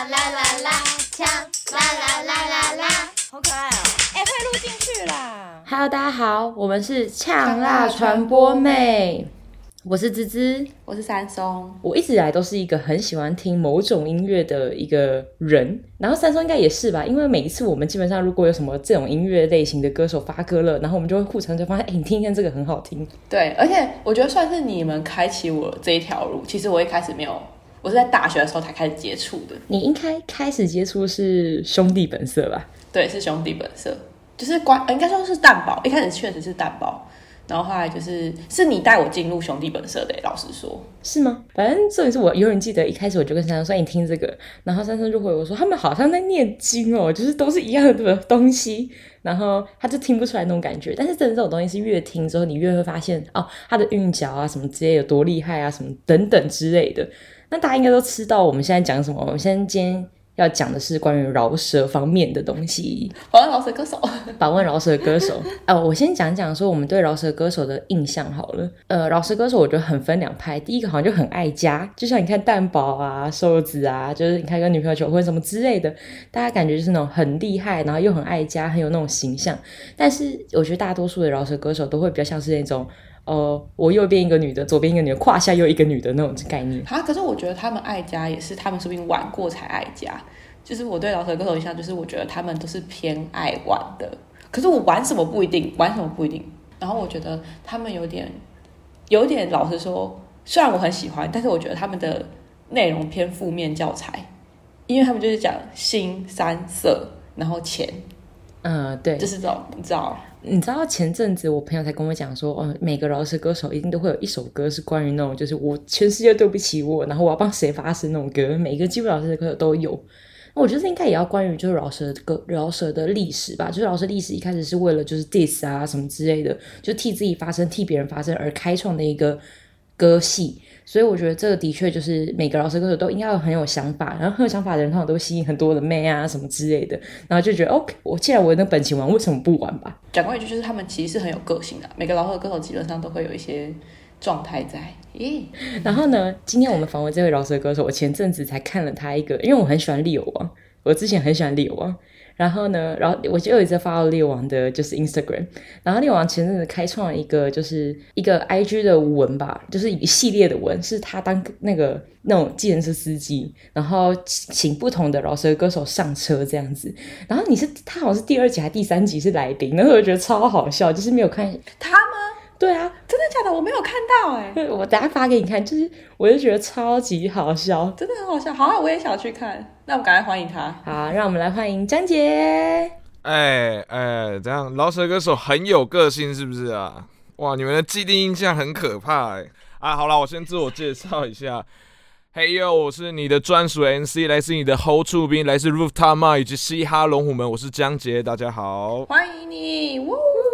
啦啦啦，嗆啦啦啦啦啦，好可愛哦、喔！哎、欸，快錄進去啦。Hello，大家好，我們是嗆辣傳播，播妹，我是孜孜，我是珊菘。我一直以來都是一個很喜歡聽某種音樂的一個人，然後珊菘應該也是吧，因為每一次我們基本上如果有什麼這種音樂類型的歌手發歌了，然後我們就會互相就發現，哎、欸，你聽一下這個很好聽。對，而且我覺得算是你們開啟我這一條路，其實我一開始沒有。我是在大學的時候才開始接觸的。你應該開始接觸是兄弟本色吧？對，是兄弟本色，就是關，應該說是蛋堡。一開始確實是蛋堡，然後後來就是是你帶我進入兄弟本色的，老實說。是嗎？反正這也是我永遠記得，一開始我就跟珊菘說：“你聽這個。”然後珊菘就回我說：“他們好像在念經喔，就是都是一樣的東西。”然後他就聽不出來那種感覺。但是真的，這種東西是越聽之後，你越會發現哦，他的韻腳啊什麼之類有多厲害啊，什麼等等之類的。那大家應該都知道我，我們現在講什麼？我們先今天要講的是關於饒舌方面的東西。訪問饒舌歌手，訪 問饒舌歌手。呃，我先講講說我們對饒舌歌手的印象好了。呃，饒舌歌手我覺得很分兩派。第一個好像就很愛家，就像你看蛋堡啊、瘦子啊，就是你看跟女朋友求婚什麼之類的，大家感覺就是那種很厲害，然後又很愛家，很有那種形象。但是我覺得大多數的饒舌歌手都會比較像是那種。呃，我右邊一個女的，左邊一個女的，胯下又一個女的那種概念。哈、啊，可是我覺得他們愛家也是他們說不定玩過才愛家。就是我對老師的歌手印象，就是我覺得他們都是偏愛玩的。可是我玩什麼不一定，玩什麼不一定。然後我覺得他們有點，有點老實說，雖然我很喜歡，但是我覺得他們的內容偏負面教材，因為他們就是講新三色，然後錢。嗯，對，就是這種你知道？你知道前陣子我朋友才跟我講說，嗯、哦，每個饒舌歌手一定都會有一首歌是關於那種，就是我全世界對不起我，然後我要幫誰發聲那種歌，每個基本饒舌的歌手都有。那我覺得應該也要關於就是饒舌的歌饒舌的歷史吧，就是饒舌歷史一開始是為了就是 diss 啊，什麼之類的，就替自己發聲、替別人發聲而開創的一個歌系，所以我覺得這個的確就是每個饒舌歌手都應該有很有想法，然後很有想法的人通常都吸引很多的妹啊什麼之類的，然後就覺得，哦，我既然我有那本錢玩，為什麼不玩吧？講過一句，就是他們其實是很有個性的，每個饒舌歌手基本上都會有一些狀態在。咦、欸，然後呢，今天我們訪問這位饒舌歌手，我前陣子才看了他一個，因為我很喜歡 Leo 王，啊，我之前很喜歡 Leo 王，啊。然後呢，然後我就有一次發到獵王的，就是 Instagram。然後獵王前陣子開創了一個，就是一個 IG 的文吧，就是一系列的文，是他當那個那種計程車司機，然後請不同的饒舌歌手上車這樣子。然後你是他好像是第二集還是第三集是來賓，然後我覺得超好笑，就是沒有看他。對啊，真的假的？我沒有看到哎、欸，我等下發給你看，就是我就覺得超級好笑，真的很好笑，好、啊，我也想去看，那我們趕快歡迎他，好，讓我們來歡迎姜傑，哎、欸、哎，這、欸、樣？老手歌手很有個性是不是啊？哇，你們的既定印象很可怕哎、欸，啊，好了，我先自我介紹一下，嘿喲，我是你的專屬 MC，來自你的侯處兵，來自 Roof Top a 以及嘻哈龍虎門，我是姜傑，大家好，歡迎你。嗚嗚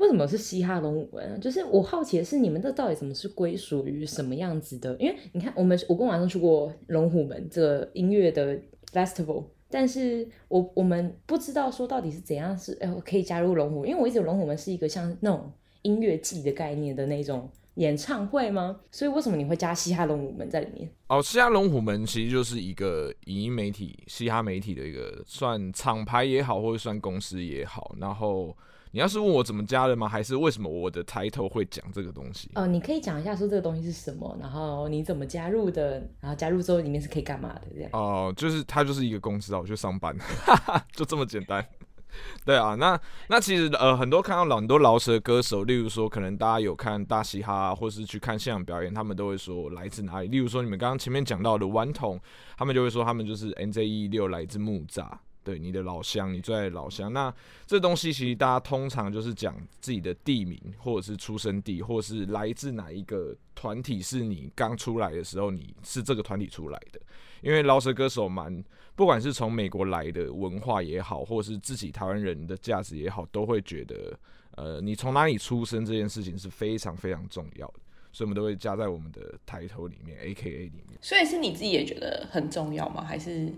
為什麼是嘻哈龍虎門？就是我好奇的是，你們這到底怎麼是歸屬於什麼樣子的？因為你看，我們我跟我阿生去過龍虎門這音樂的 festival，但是我我們不知道說到底是怎樣是呃可以加入龍虎，因為我一直龍虎門是一個像那種音樂季的概念的那種演唱會嗎？所以為什麼你會加嘻哈龍虎門在裡面？哦，嘻哈龍虎門其實就是一個影音媒體、嘻哈媒體的一個算廠牌也好，或者算公司也好，然後。你要是問我怎麼加的嗎？還是為什麼我的抬頭會講這個東西？哦、呃，你可以講一下說這個東西是什麼，然後你怎麼加入的，然後加入之後裡面是可以幹嘛的這樣。哦、呃，就是他就是一個公司啊，我去上班，哈哈，就這麼簡單。 對啊，那那其實呃很多看到老很多老的歌手，例如說可能大家有看大嘻哈、啊、或是去看現場表演，他們都會說來自哪裡。例如說你們剛剛前面講到的頑童，他們就會說他們就是 MJ116 來自木柵。對，你的老鄉，你最愛的老鄉。那這東西其實大家通常就是講自己的地名，或者是出生地，或者是來自哪一個團體，是你剛出來的時候你是這個團體出來的。因為饒舌歌手蠻，不管是從美國來的文化也好，或是自己台灣人的價值也好，都會覺得呃，你從哪裡出生這件事情是非常非常重要的，所以我們都會加在我們的抬頭裡面，AKA 裡面。所以是你自己也覺得很重要嗎？還是？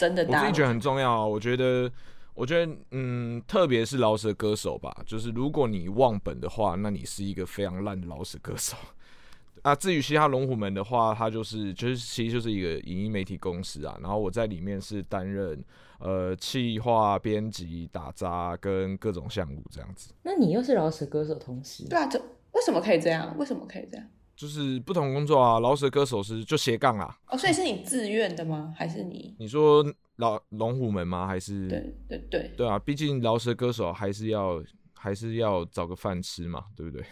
真的大我自己覺得很重要啊，我覺得，我覺得，嗯，特別是饒舌歌手吧，就是如果你忘本的話，那你是一個非常爛的饒舌歌手。啊，至於其他龍虎門的話，他就是就是其實就是一個影音媒體公司啊，然後我在裡面是擔任呃企劃、編輯、打雜跟各種項目這樣子。那你又是饒舌歌手同時，對啊，就為什麼可以這樣？為什麼可以這樣？就是不同工作啊，饒舌歌手是就斜槓啊。哦，所以是你自願的嗎？還是你？你說老龍虎門嗎？還是？對對對。對啊，畢竟饒舌歌手還是要還是要找個飯吃嘛，對不對？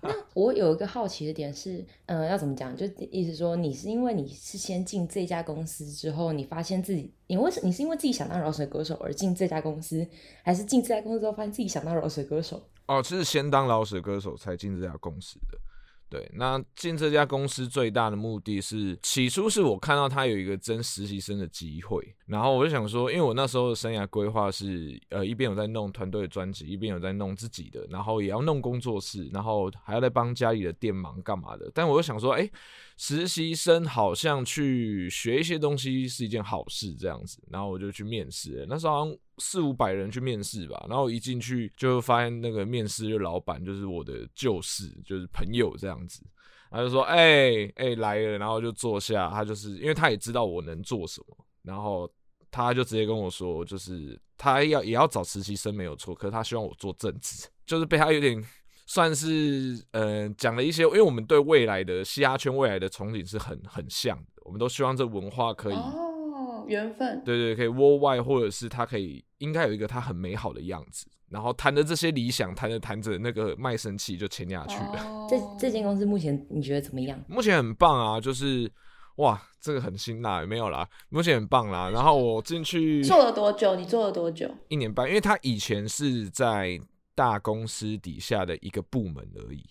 那我有一個好奇的點是，呃，要怎麼講？就意思說，你是因為你是先進這家公司之後，你發現自己，你為什，你是因為自己想當饒舌歌手而進這家公司，還是進這家公司之後發現自己想當饒舌歌手？哦，是先當饒舌歌手才進這家公司的。對，那進這家公司最大的目的是，起初是我看到他有一個徵實習生的機會。然後我就想說，因為我那時候的生涯規劃是，呃，一邊有在弄團隊的專輯，一邊有在弄自己的，然後也要弄工作室，然後還要在幫家裡的店忙幹嘛的。但我又想說，哎、欸，實習生好像去學一些東西是一件好事，這樣子。然後我就去面試了，那時候好像四五百人去面試吧。然後一進去就會發現那個面試的老板就是我的舊識，就是朋友這樣子。他就說，哎、欸、哎、欸、來了，然後就坐下。他就是因為他也知道我能做什麼，然後。他就直接跟我說，就是他要也要找實習生沒有錯，可是他希望我做正職，就是被他有點算是嗯講、呃、了一些，因為我們對未來的嘻哈圈，未來的憧憬是很很像的，我們都希望這文化可以哦緣分對對，對可以 worldwide 或者是他可以應該有一個他很美好的樣子，然後談的這些理想談着談着那個賣身契就簽下去了。這這間公司目前你覺得怎麼樣？目前很棒啊，就是。哇，這個很辛辣啦，沒有啦，目前很棒啦。然後我進去做了多久？你做了多久？一年半，因為他以前是在大公司底下的一個部門而已，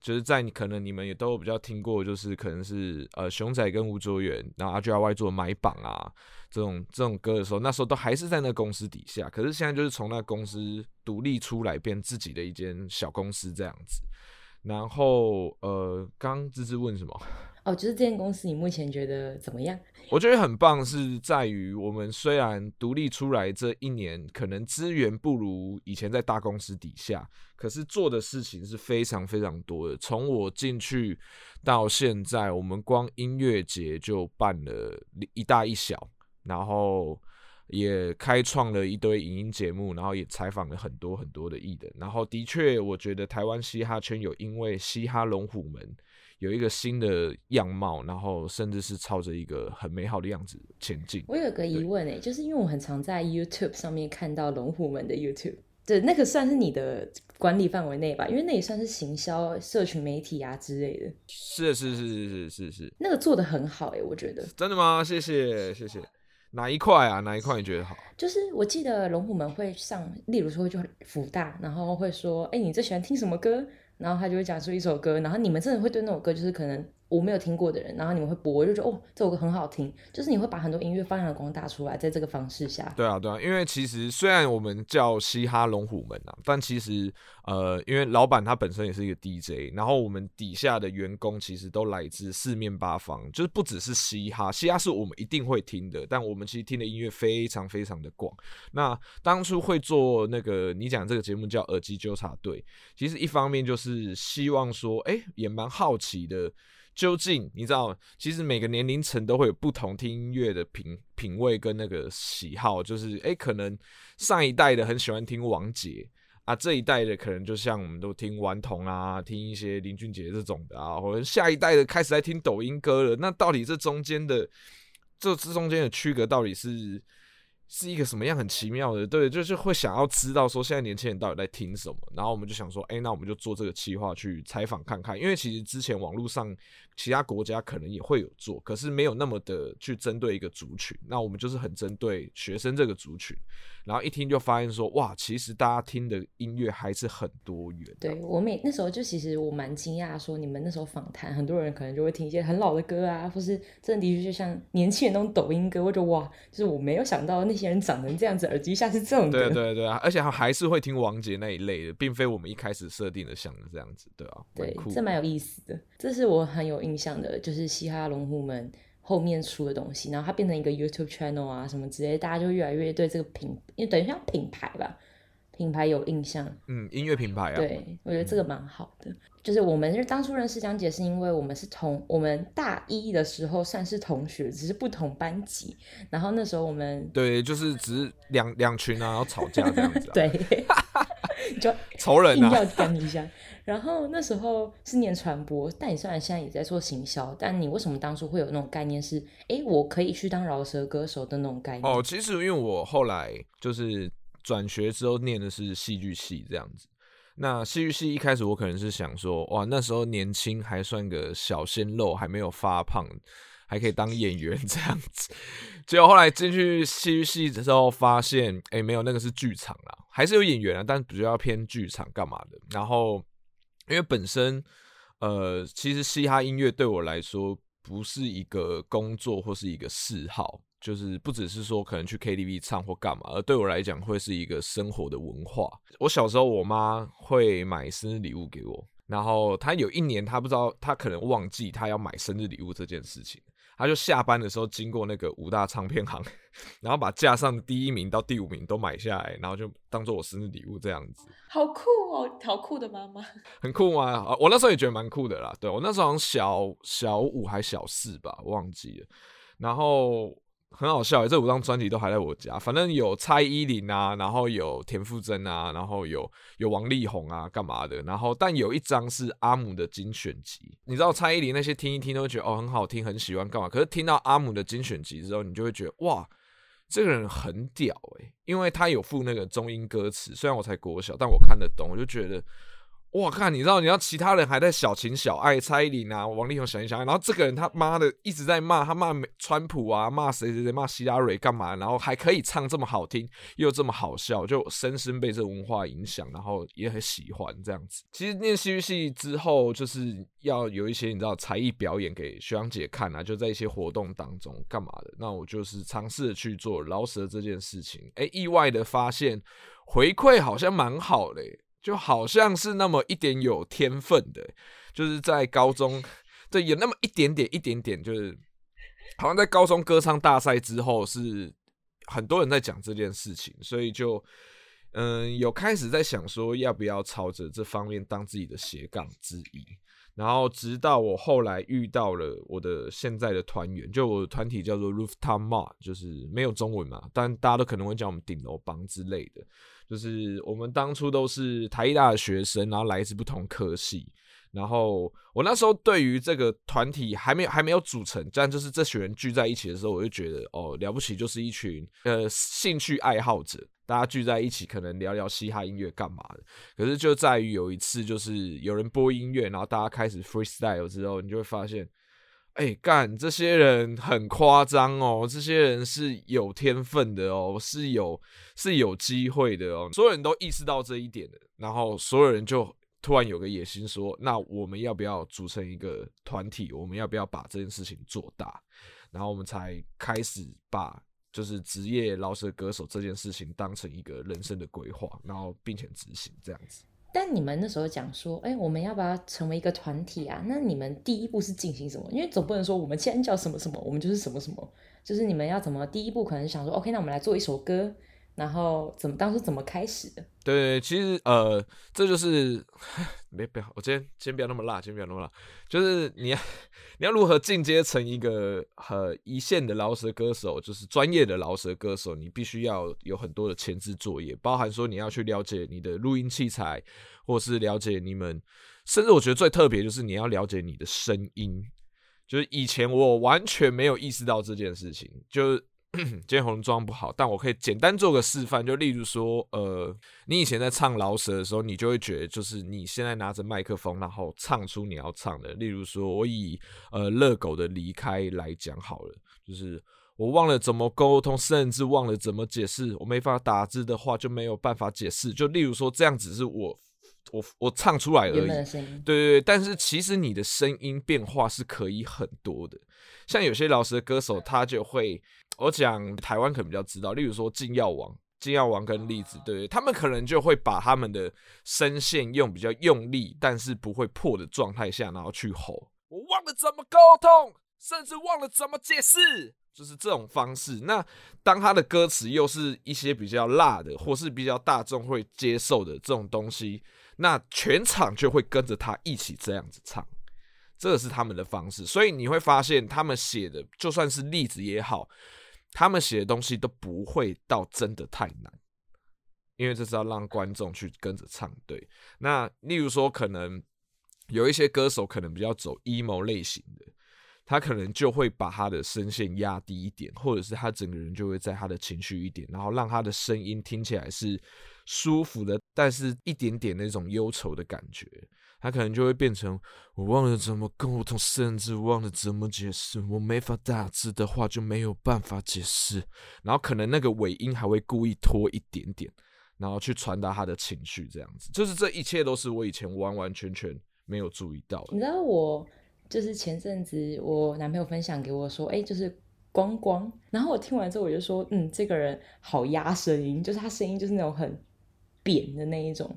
就是在你可能你們也都比較聽過，就是可能是呃熊仔跟吳卓源，然後阿 j 外做的買榜啊這種這種歌的時候，那時候都還是在那公司底下，可是現在就是從那公司獨立出來，變自己的一間小公司這樣子。然後呃，剛孜孜問什麼？哦、Oh，就是這間公司，你目前覺得怎麼樣？我覺得很棒，是在於我們雖然獨立出來這一年，可能資源不如以前在大公司底下，可是做的事情是非常非常多的。從我進去到現在，我們光音樂節就辦了一大一小，然後也開創了一堆影音節目，然後也採訪了很多很多的藝人。然後的確，我覺得台灣嘻哈圈有因為嘻哈龍虎門。有一個新的樣貌，然後甚至是朝着一個很美好的樣子前進。我有個疑問欸，就是因為我很常在 YouTube 上面看到龍虎門的 YouTube，對，那個算是你的管理範圍內吧？因為那也算是行銷、社群媒體啊之類的。是是是是是是是，那個做得很好欸，我覺得。真的嗎？謝謝謝謝。哪一塊啊？哪一塊你覺得好？就是我記得龍虎門會上，例如說就福大，然後會說：“欸，你最喜歡聽什麼歌？”然後他就會講出一首歌，然後你們真的會對那首歌，就是可能。我沒有聽過的人，然後你們會播，我就覺得哦，這首歌很好聽。就是你會把很多音樂發揚光大出來，在這個方式下。對啊，對啊，因為其實雖然我們叫嘻哈龍虎門啊，但其實呃，因為老闆他本身也是一個 DJ，然後我們底下的員工其實都來自四面八方，就是不只是嘻哈，嘻哈是我們一定會聽的，但我們其實聽的音樂非常非常的廣。那當初會做那個你講這個節目叫耳機糾察隊，其實一方面就是希望說，哎、欸，也蠻好奇的。究竟你知道，其實每個年齡層都會有不同聽音樂的品品位跟那個喜好，就是誒、欸，可能上一代的很喜歡聽王杰啊，這一代的可能就像我們都聽頑童啊，聽一些林俊杰這種的啊，或者下一代的開始在聽抖音歌了。那到底這中間的這這中間的區隔到底是是一個什麼樣很奇妙的？對，就是會想要知道說現在年輕人到底在聽什麼。然後我們就想說，誒、欸，那我們就做這個企劃去採訪看看，因為其實之前網絡上。其他國家可能也會有做，可是沒有那麼的去針對一個族群。那我們就是很針對學生這個族群，然後一聽就發現說，哇，其實大家聽的音樂還是很多元啊。對，我沒那時候就其實我蠻驚訝，說你們那時候訪談，很多人可能就會聽一些很老的歌啊，或是真的的確就像年輕人那種抖音歌。或者哇，就是我沒有想到那些人長成這樣子，耳機下是這種歌。對對對啊，而且他還是會聽王杰那一類的，並非我們一開始設定的像這樣子，對啊，對，這蠻有意思的，這是我很有意。印象的就是嘻哈龍虎門後面出的東西，然後它變成一個 YouTube channel 啊，什麼之類，大家就越來越對這個品，因為等於像品牌吧，品牌有印象。嗯，音樂品牌啊。對，我覺得這個蠻好的。嗯。就是我們是當初認識姜傑，是因為我們是同，我們大一的時候算是同學，只是不同班級。然後那時候我們對，就是只是兩兩群啊，然後吵架這樣子啊。 對。 就仇人一定要講一下，然後那時候是念傳播， 但你雖然現在也在做行銷，但你為什麼當初會有那種概念是，哎、欸，我可以去當饒舌歌手的那種概念？哦，其實因為我後來就是轉學之後念的是戲劇系這樣子，那戲劇系一開始我可能是想說，哇，那時候年輕還算個小鮮肉，還沒有發胖。還可以當演員這樣子，結果後來進去戲劇系的時候，發現哎、欸，沒有那個是劇場啦，還是有演員啊，但比較偏劇場幹嘛的。然後因為本身呃，其實嘻哈音樂對我來說不是一個工作或是一個嗜好，就是不只是說可能去 KTV 唱或幹嘛，而對我來講會是一個生活的文化。我小時候我媽會買生日禮物給我，然後她有一年她不知道她可能忘記她要買生日禮物這件事情。他就下班的時候經過那個五大唱片行，然後把架上第一名到第五名都買下來，然後就當做我生日禮物這樣子。好酷哦，好酷的媽媽。很酷嗎？啊，我那時候也覺得蠻酷的啦。對我那時候好像小小五還小四吧，我忘記了。然後。很好笑欸，這五張專輯都還在我家。反正有蔡依林啊，然後有田馥甄啊，然後有有王力宏啊，幹嘛的？然後但有一張是阿姆的精選集。你知道蔡依林那些聽一聽都會覺得哦很好聽，很喜歡幹嘛？可是聽到阿姆的精選集之後，你就會覺得哇，這個人很屌欸，因為他有附那個中英歌詞，雖然我才國小，但我看得懂，我就覺得。我看，God, 你知道，你知道，其他人還在小情小愛、蔡依林啊、王力宏、小情小愛，然後這個人他媽的一直在罵，他罵川普啊，罵誰誰誰，罵希拉蕊幹嘛？然後還可以唱這麼好聽，又這麼好笑，就深深被這文化影響，然後也很喜歡這樣子。其實念戲劇之後，就是要有一些你知道才藝表演給學長姐看啊，就在一些活動當中幹嘛的。那我就是嘗試著去做饒舌這件事情，哎、欸，意外的發現回饋好像蠻好的、欸。就好像是那麼一點有天分，的，就是在高中，對，有那麼一點點一點點，就是好像在高中歌唱大賽之後，是很多人在講這件事情，所以就嗯，有開始在想說要不要朝着這方面當自己的斜槓之一。然後直到我後來遇到了我的現在的團員，就我的團體叫做 Roof Time Mart，就是沒有中文嘛，但大家都可能會叫我們頂樓幫之類的。就是我們當初都是台藝大的學生，然後來自不同科系。然後我那時候對於這個團體還沒有還沒有組成，這樣就是這群人聚在一起的時候，我就覺得哦，了不起，就是一群呃興趣愛好者，大家聚在一起可能聊聊嘻哈音樂幹嘛的。可是就在於有一次，就是有人播音樂，然後大家開始 freestyle 之後，你就會發現。哎、欸，幹！這些人很誇張哦，這些人是有天分的哦，是有是有機會的哦，所有人都意識到這一點的，然後所有人就突然有個野心，說：那我們要不要組成一個團體？我們要不要把這件事情做大？然後我們才開始把就是職業饒舌歌手這件事情當成一個人生的規劃，然後並且執行這樣子。但你們那時候講說，哎、欸，我們要不要成為一個團體啊？那你們第一步是進行什麼？因為總不能說我們既然叫什麼什麼，我們就是什麼什麼，就是你們要怎麼第一步可能想說，OK，那我們來做一首歌。然後怎麼當時怎麼開始的？對，其實呃，這就是沒不要，我先先不要那麼辣，先不要那麼辣。就是你要你要如何進階成一個呃，一線的饒舌歌手，就是專業的饒舌歌手，你必須要有很多的前置作業，包含說你要去了解你的錄音器材，或是了解你們，甚至我覺得最特別的就是你要了解你的聲音。就是以前我完全沒有意識到這件事情，就今天喉嚨狀況不好，但我可以簡單做個示範。就例如說，呃，你以前在唱饒舌的時候，你就會覺得，就是你現在拿着麥克風，然後唱出你要唱的。例如說我以呃熱狗的離開來講好了，就是我忘了怎麼溝通，甚至忘了怎麼解釋。我沒法打字的話，就沒有辦法解釋。就例如說這樣子，是我我我唱出來而已。對，對對，但是其實你的聲音變化是可以很多的。像有些老實的歌手，他就會我講台灣可能比較知道，例如說金耀王、金耀王跟栗子，對不對？他們可能就會把他們的聲線用比較用力，但是不會破的狀態下，然後去吼。我忘了怎麼溝通，甚至忘了怎麼解釋，就是這種方式。那當他的歌詞又是一些比較辣的，或是比較大眾會接受的這種東西，那全場就會跟着他一起這樣子唱。這是他們的方式，所以你會發現他們寫的就算是例子，也好，他們寫的東西都不會到真的太難，因為這是要讓觀眾去跟着唱。對，那例如說，可能有一些歌手可能比較走 emo 類型的，他可能就會把他的聲線壓低一點，或者是他整個人就會在他的情緒一點，然後讓他的聲音聽起來是舒服的，但是一點點那種憂愁的感覺。他可能就會變成我忘了怎麼溝通，甚至忘了怎麼解釋。我沒法打字的話就沒有辦法解釋。然後可能那個尾音還會故意拖一點點，然後去傳達他的情緒。這樣子，就是這一切都是我以前完完全全沒有注意到的。你知道我就是前陣子我男朋友分享給我說，誒、欸，就是光光。然後我聽完之後我就說，嗯，這個人好壓聲音，就是他聲音就是那種很扁的那一種。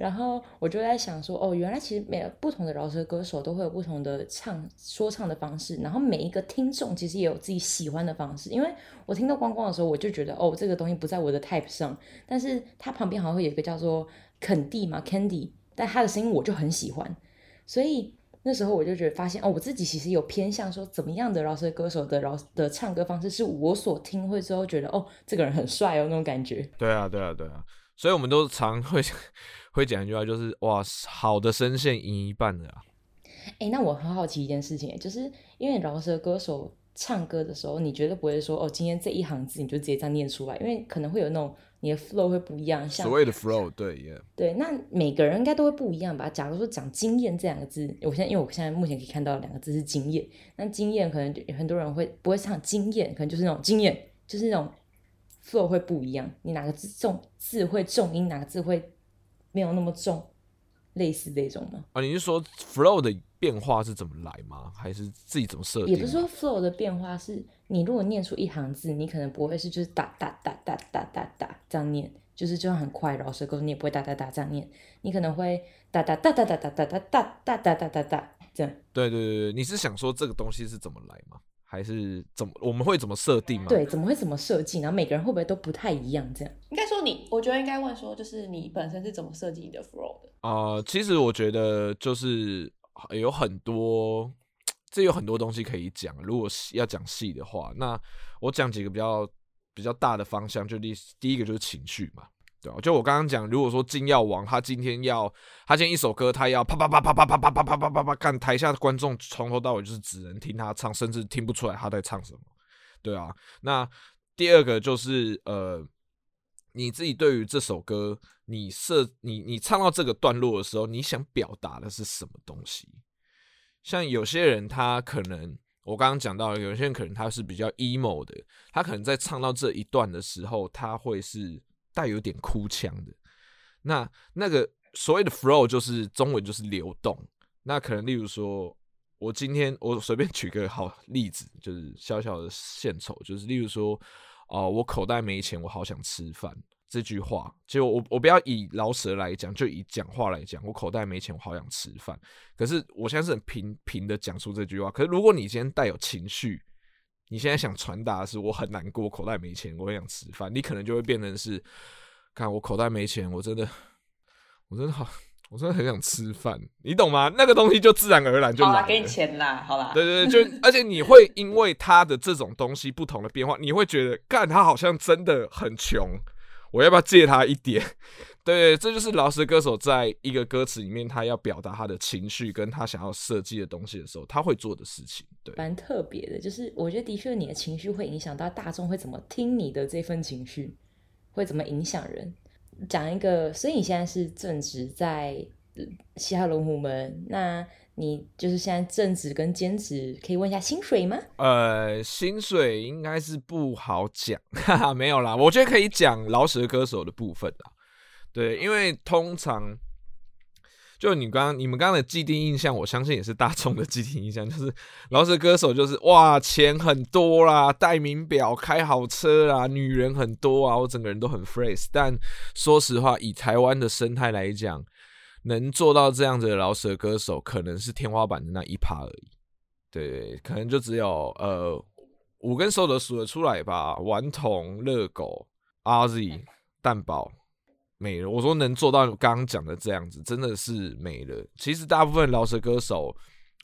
然後我就在想說，哦，原來其實每不同的饒舌歌手都會有不同的唱說唱的方式，然後每一個聽眾其實也有自己喜歡的方式。因為我聽到光光的時候，我就覺得，哦，這個東西不在我的 type 上。但是他旁邊好像會有一個叫做肯蒂嘛，Candy，但他的聲音我就很喜歡。所以那時候我就覺得發現，哦，我自己其實有偏向說怎麼樣的饒舌歌手的饒的唱歌方式是我所聽會之後覺得，哦，這個人很帥哦那種感覺。對啊，對啊，對啊。所以我們都常會。會講一句話，就是哇，好的聲線贏一半了。啊。哎、欸，那我很好奇一件事情，就是因為饒舌歌手唱歌的時候，你絕對不會說哦，今天這一行字你就直接這樣念出來，因為可能會有那種你的 flow 會不一樣。像所謂的 flow，對，耶、yeah.。對，那每個人應該都會不一樣吧？假如說講“經驗”這兩個字，我現在因為我現在目前可以看到兩個字是“經驗”，那“經驗”可能就很多人會不會唱“經驗”？可能就是那種經驗，就是那種 flow 會不一樣。你哪個字重？這字會重音？哪個字會？沒有那麼重，類似這種嗎？啊，你是說 flow 的變化是怎麼來嗎？還是自己怎麼設計？也不是說 flow 的變化是，你如果念出一行字，你可能不會是就是噠噠噠噠噠噠噠這樣念，就是就算很快饒舌的，你也不會噠噠噠這樣念，你可能會噠噠噠噠噠噠噠噠噠噠噠噠噠噠這樣。對對對，你是想說這個東西是怎麼來嗎？還是怎麼？我們會怎麼設定嗎？對，怎麼會怎麼設計呢？然後每個人會不會都不太一樣？這樣應該說你，我覺得應該問說，就是你本身是怎麼設計你的 flow 的啊、呃？其實我覺得就是有很多，這有很多東西可以講。如果要講細的話，那我講幾個比較比較大的方向，就第一第一個就是情緒嘛。對啊，就我剛剛講，如果說金耀王他今天要他今天一首歌，他要啪啪啪啪啪啪啪啪啪啪啪啪，看台下的觀眾從頭到尾就是只能聽他唱，甚至聽不出來他在唱什麼。對啊，那第二個就是呃，你自己對於這首歌，你設你你唱到這個段落的時候，你想表達的是什麼東西？像有些人他可能我剛剛講到，有些人可能他是比較 emo 的，他可能在唱到這一段的時候，他會是。帶有點哭腔的，那那個所謂的 flow，就是中文就是流動。那可能例如說我今天我隨便舉個好例子，就是小小的獻醜，就是例如說哦、呃，我口袋沒錢，我好想吃飯這句話。就我我不要以饒舌來講，就以講話來講，我口袋沒錢，我好想吃飯。可是我現在是很平平的講出這句話。可是如果你今天帶有情緒。你現在想傳達的是，我很難過，口袋沒錢，我很想吃飯。你可能就會變成是，看我口袋沒錢，我真的，我真的好，我真的很想吃飯，你懂嗎？那個東西就自然而然就好了。給你錢啦，好啦，對對對，就而且你會因為他的這種東西不同的變化， 你會覺得，看他好像真的很窮，我要不要借他一點？對，對，這就是饒舌歌手在一個歌詞裡面，他要表達他的情緒，跟他想要設計的東西的時候，他會做的事情。對，蠻特別的，就是我覺得的確，你的情緒會影響到大眾會怎麼聽你的這份情緒，會怎麼影響人。講一個，所以你現在是正職在嘻哈龍虎門，那你就是現在正職跟兼職，可以問一下薪水嗎？呃，薪水應該是不好講， 沒有啦。我覺得可以講饒舌歌手的部分啊。對，因為通常就你剛、你們剛，剛的既定印象，我相信也是大眾的既定印象，就是饒舌歌手，就是哇，錢很多啦，戴名錶、開好車啦，女人很多啊，我整個人都很 fierce。但說實話，以台灣的生態來講，能做到這樣子的饒舌歌手，可能是天花板的那一趴而已。對，可能就只有呃五根手指數得出來吧，：頑童、熱狗、阿 Z、蛋堡。美了，我說能做到剛剛講的這樣子，真的是美了。其實大部分饒舌歌手，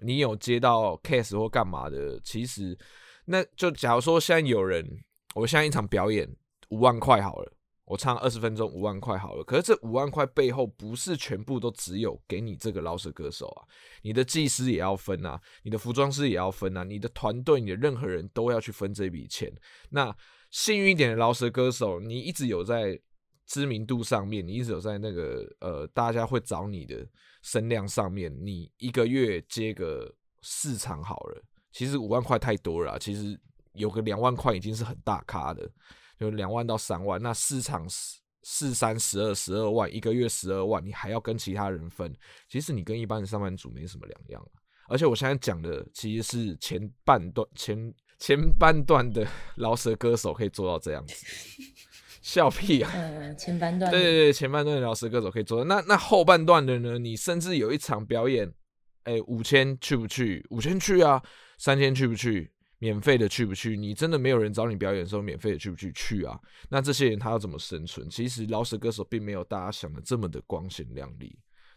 你有接到 case 或幹嘛的，其實那就假如說現在有人，我現在一場表演五萬塊好了，我唱二十分鐘五萬塊好了。可是這五萬塊背後不是全部都只有給你這個饒舌歌手啊，你的技師也要分啊，你的服裝師也要分啊，你的團隊，你的任何人都要去分這筆錢。那幸運一點的饒舌歌手，你一直有在。知名度上面，你一直有在那個呃，大家會找你的聲量上面，你一個月接個四場好了。其實五萬塊太多了啦，其實有個兩萬塊已經是很大咖的，有兩萬到三萬。那四場四三十二十二萬，一個月十二萬，你還要跟其他人分，其實你跟一般的上班族沒什麼兩樣。而且我現在講的其實是前半段，前前半段的饒舌歌手可以做到這樣子。笑屁啊！嗯，前半段對對對，前半段的饒舌歌手可以做。那那後半段的人呢？你甚至有一場表演，哎、欸，五千去不去？五千去啊！三千去不去？免費的去不去？你真的沒有人找你表演的時候，免費的去不去？去啊！那這些人他要怎麼生存？其實饒舌歌手並沒有大家想的這麼的光鮮亮麗，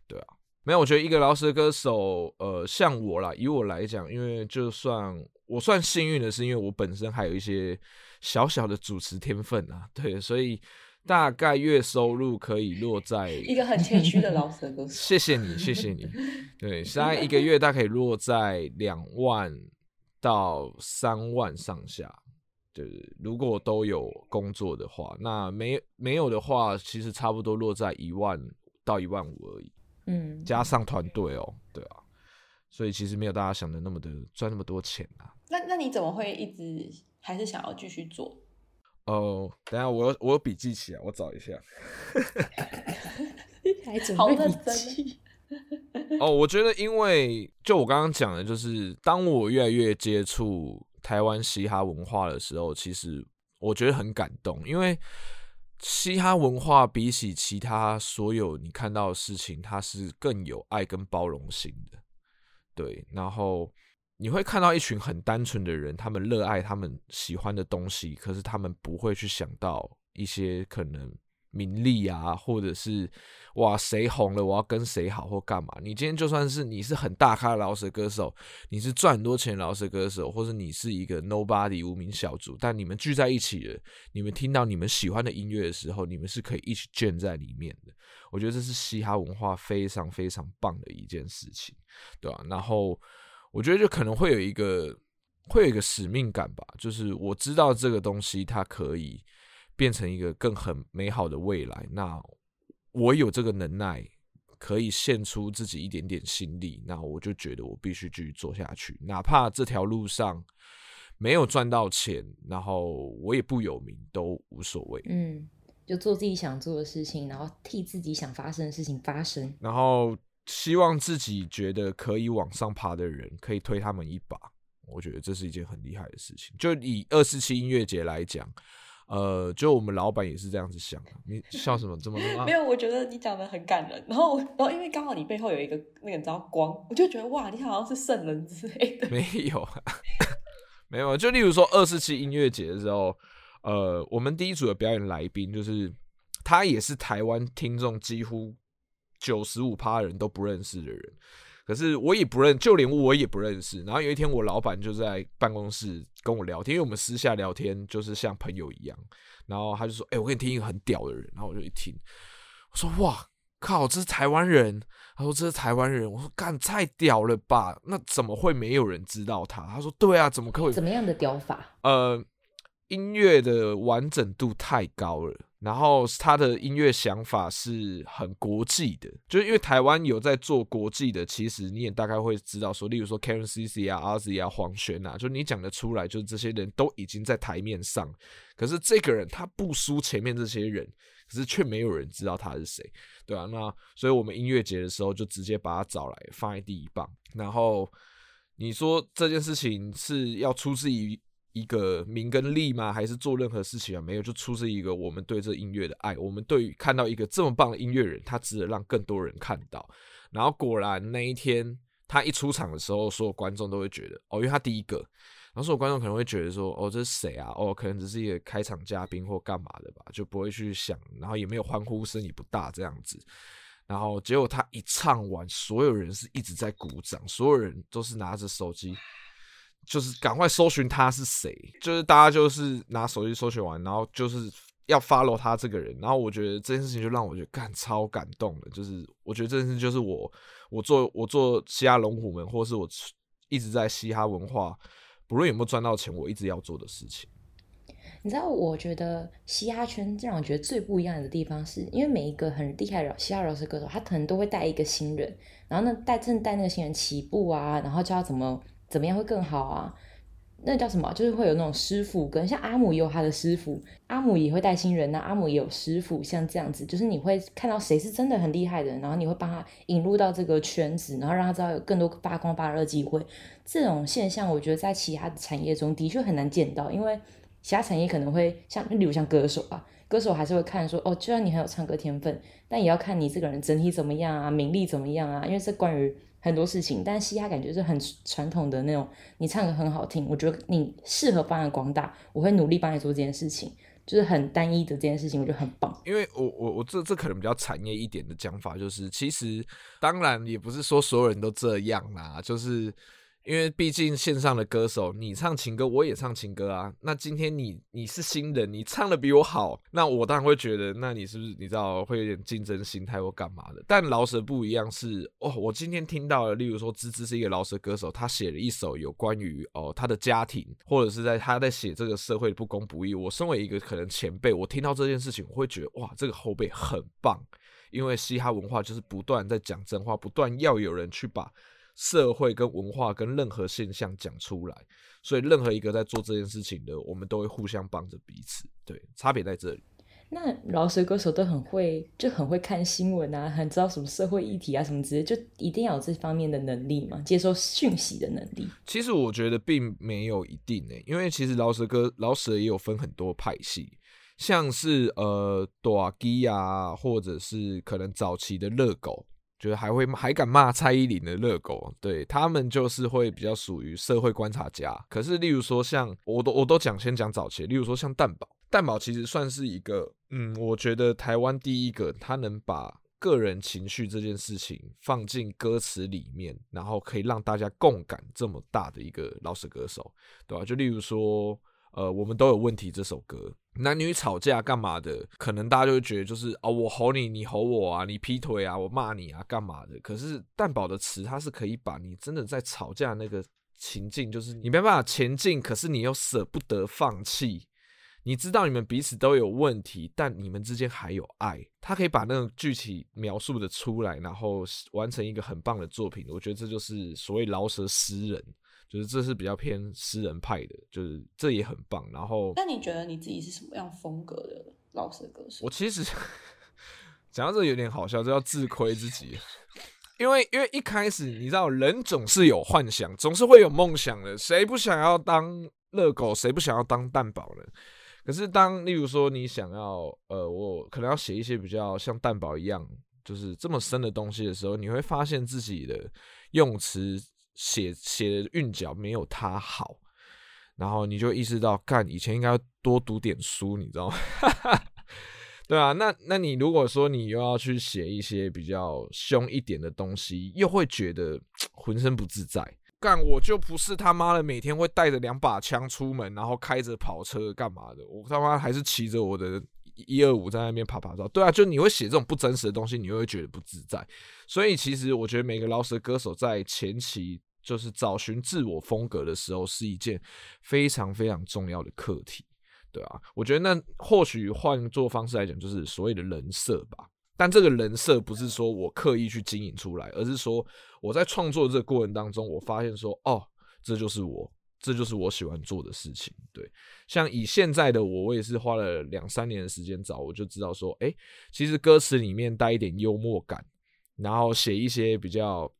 對啊，沒有。我覺得一個饒舌歌手，呃，像我啦，以我來講，因為就算。我算幸運的是，因為我本身還有一些小小的主持天分，啊，對，所以大概月收入可以落在一個很謙虛的老師。 謝謝你，謝謝你。對，現在一個月大概可以落在兩萬到三萬上下。對、就是，如果都有工作的話，那沒沒有的話，其實差不多落在一萬到一萬五而已。嗯，加上團隊哦，對啊，所以其實沒有大家想的那麼的賺那麼多錢啊。那那你怎麼會一直還是想要繼續做？哦、oh,，等下我有我有筆記起來，我找一下。好認真。哦、 oh,，我覺得因為就我剛剛講的，就是當我越來越接觸台灣嘻哈文化的時候，其實我覺得很感動，因為嘻哈文化比起其他所有你看到的事情，它是更有愛跟包容心的。對，然後。你會看到一群很單純的人，他們熱愛他們喜歡的東西，可是他們不會去想到一些可能名利啊，或者是哇誰紅了我要跟誰好或幹嘛。你今天就算是你是很大咖的饒舌歌手，你是賺很多錢的饒舌歌手，或者你是一個 nobody 無名小卒，但你們聚在一起的，你們聽到你們喜歡的音樂的時候，你們是可以一起捲在裡面的。我覺得這是嘻哈文化非常非常棒的一件事情，對吧、啊？然後。我覺得就可能會有一個，會有一個使命感吧。就是我知道這個東西它可以變成一個更很美好的未來，那我有這個能耐，可以獻出自己一點點心力，那我就覺得我必須繼續做下去，哪怕這條路上沒有賺到錢，然後我也不有名，都無所謂。嗯，就做自己想做的事情，然後替自己想發生的事情發生，然後。希望自己覺得可以往上爬的人，可以推他們一把。我覺得這是一件很厲害的事情。就以247音樂節來講，呃，就我們老板也是這樣子想。你笑什麼？這麼，麼沒有？我覺得你講的很感人。然後，然後因為剛好你背後有一個那個你知道光，我就覺得哇，你好像是聖人之類的。沒有啊， 沒有。就例如說247音樂節的時候，呃，我們第一組的表演來賓就是他，也是台灣聽眾幾乎。九十五趴人都不認識的人，可是我也不認，就連我也不認識。然後有一天，我老板就在辦公室跟我聊天，因為我們私下聊天就是像朋友一樣。然後他就說：“哎、欸，我跟你聽一個很屌的人。”然後我就一聽，我說：“哇，靠，這是台灣人？”他說：“這是台灣人。”我說：“幹，太屌了吧？那怎麼會沒有人知道他？”他說：“對啊，怎麼可以？怎麼樣的屌法？”呃，音樂的完整度太高了。然後他的音樂想法是很國際的，就是因為台灣有在做國際的，其實你也大概會知道說，說例如說 Karencici 啊、阿 Z 啊、黃宣啊，就你講得出來，就是這些人都已經在台面上，可是這個人他不輸前面這些人，可是卻沒有人知道他是誰。對啊，那所以我們音樂節的時候就直接把他找來放在第一棒。然後你說這件事情是要出自於。一個名跟利嗎？還是做任何事情啊？沒有，就出自一個我們對這音樂的愛。我們對於看到一個這麼棒的音樂人，他值得讓更多人看到。然後果然那一天他一出場的時候，所有觀眾都會覺得哦，因為他第一個。然後所有觀眾可能會覺得說哦，這是誰啊？哦，可能只是一個開場嘉賓或幹嘛的吧，就不會去想。然後也沒有歡呼聲，也不大這樣子。然後結果他一唱完，所有人是一直在鼓掌，所有人都是拿着手機，就是趕快搜尋他是誰，就是大家就是拿手機搜尋完，然後就是要 follow 他這個人。然後我覺得這件事情就讓我覺得超感動的，就是我覺得這件事情就是我我做我做嘻哈龍虎門，或是我一直在嘻哈文化，不論有沒有賺到錢，我一直要做的事情。你知道，我覺得嘻哈圈這讓我覺得最不一樣的地方是，是因為每一個很厲害的嘻哈老師歌手，他可能都會帶一個新人，然後那帶正帶那個新人起步啊，然後教他怎麼。怎麼樣會更好啊？那叫什麼？就是會有那種師傅跟，像阿姆也有他的師傅，阿姆也會帶新人啊，阿姆也有師傅，像這樣子，就是你會看到誰是真的很厲害的人，然後你會幫他引入到這個圈子，然後讓他知道有更多發光發熱的機會。這種現象，我覺得在其他的產業中的確很難見到，因為其他產業可能會像，例如像歌手啊，歌手還是會看說，哦，就算你很有唱歌天分，但也要看你這個人整體怎麼樣啊，名利怎麼樣啊，因為這關於。很多事情，但嘻哈感覺是很傳統的那種。你唱歌很好聽，我覺得你適合發揚光大，我會努力幫你做這件事情，就是很單一的這件事情，我覺得很棒。因為我我我這這可能比較產業一點的講法，就是其實當然也不是說所有人都這樣啦，就是。因為畢竟線上的歌手，你唱情歌，我也唱情歌啊。那今天你你是新人，你唱的比我好，那我當然會覺得，那你是不是，你知道會有點競爭心態或幹嘛的？但饒舌不一樣是哦，我今天聽到了，例如說孜孜是一個饒舌歌手，他寫了一首有關於哦他的家庭，或者是在他在寫這個社會的不公不義。我身為一個可能前輩，我聽到這件事情，我會覺得哇，這個後輩很棒，因為嘻哈文化就是不斷在講真話，不斷要有人去把。社會跟文化跟任何現象講出來，所以任何一個在做這件事情的，我們都會互相幫着彼此。對，差別在這裡。那饒舌歌手都很會，就很會看新聞啊，很知道什麼社會議題啊什麼之類，就一定要有這方面的能力嘛，接受訊息的能力。其實我覺得並沒有一定誒、欸，因為其實饒舌歌饒舌也有分很多派系，像是呃，大支啊，或者是可能早期的熱狗。覺得還會還敢罵蔡依林的熱狗，對，他們就是會比較屬於社會觀察家。可是，例如說像我都我都講先講早期，例如說像蛋堡，蛋堡其實算是一個，嗯，我覺得台灣第一個他能把個人情緒這件事情放進歌詞裡面，然後可以讓大家共感這麼大的一個饒舌歌手，對啊，就例如說，呃，我們都有問題這首歌。男女吵架幹嘛的，可能大家就會覺得就是哦，我吼你，你吼我啊，你劈腿啊，我罵你啊，幹嘛的？可是蛋堡的詞，它是可以把你真的在吵架那個情境，就是你沒辦法前進，可是你又捨不得放棄，你知道你們彼此都有問題，但你們之間還有愛，他可以把那個具體描述的出來，然後完成一個很棒的作品。我覺得這就是所謂饒舌詩人。就是這是比較偏詩人派的，就是這也很棒。然後，那你覺得你自己是什麼樣風格的饒舌的歌手？我其實講到這有點好笑，這要自虧自己，因為因為一開始你知道，人總是有幻想，總是會有夢想的。誰不想要當熱狗，誰不想要當蛋堡呢？可是當例如說你想要呃，我可能要寫一些比較像蛋堡一樣，就是這麼深的東西的時候，你會發現自己的用詞。寫寫的韻腳沒有他好，然後你就意識到，幹以前應該多讀點書，你知道嗎？ 對啊，那那你如果說你又要去寫一些比較凶一點的東西，又會覺得渾身不自在。幹，我就不是他媽的每天會帶着兩把槍出門，然後開着跑車幹嘛的。我他媽還是騎着我的一二五在那邊趴趴走。對啊，就你會寫這種不真實的東西，你又會覺得不自在。所以其實我覺得每個饒舌歌手在前期，就是找尋自我風格的時候，是一件非常非常重要的課題，對啊，我覺得那或許換做方式來講，就是所謂的人設吧。但這個人設不是說我刻意去經營出來，而是說我在創作這個過程當中，我發現說，哦，這就是我，這就是我喜歡做的事情。對，像以現在的我，我也是花了兩三年的時間找，我就知道說，誒，其實歌詞裡面帶一點幽默感，然後寫一些比較。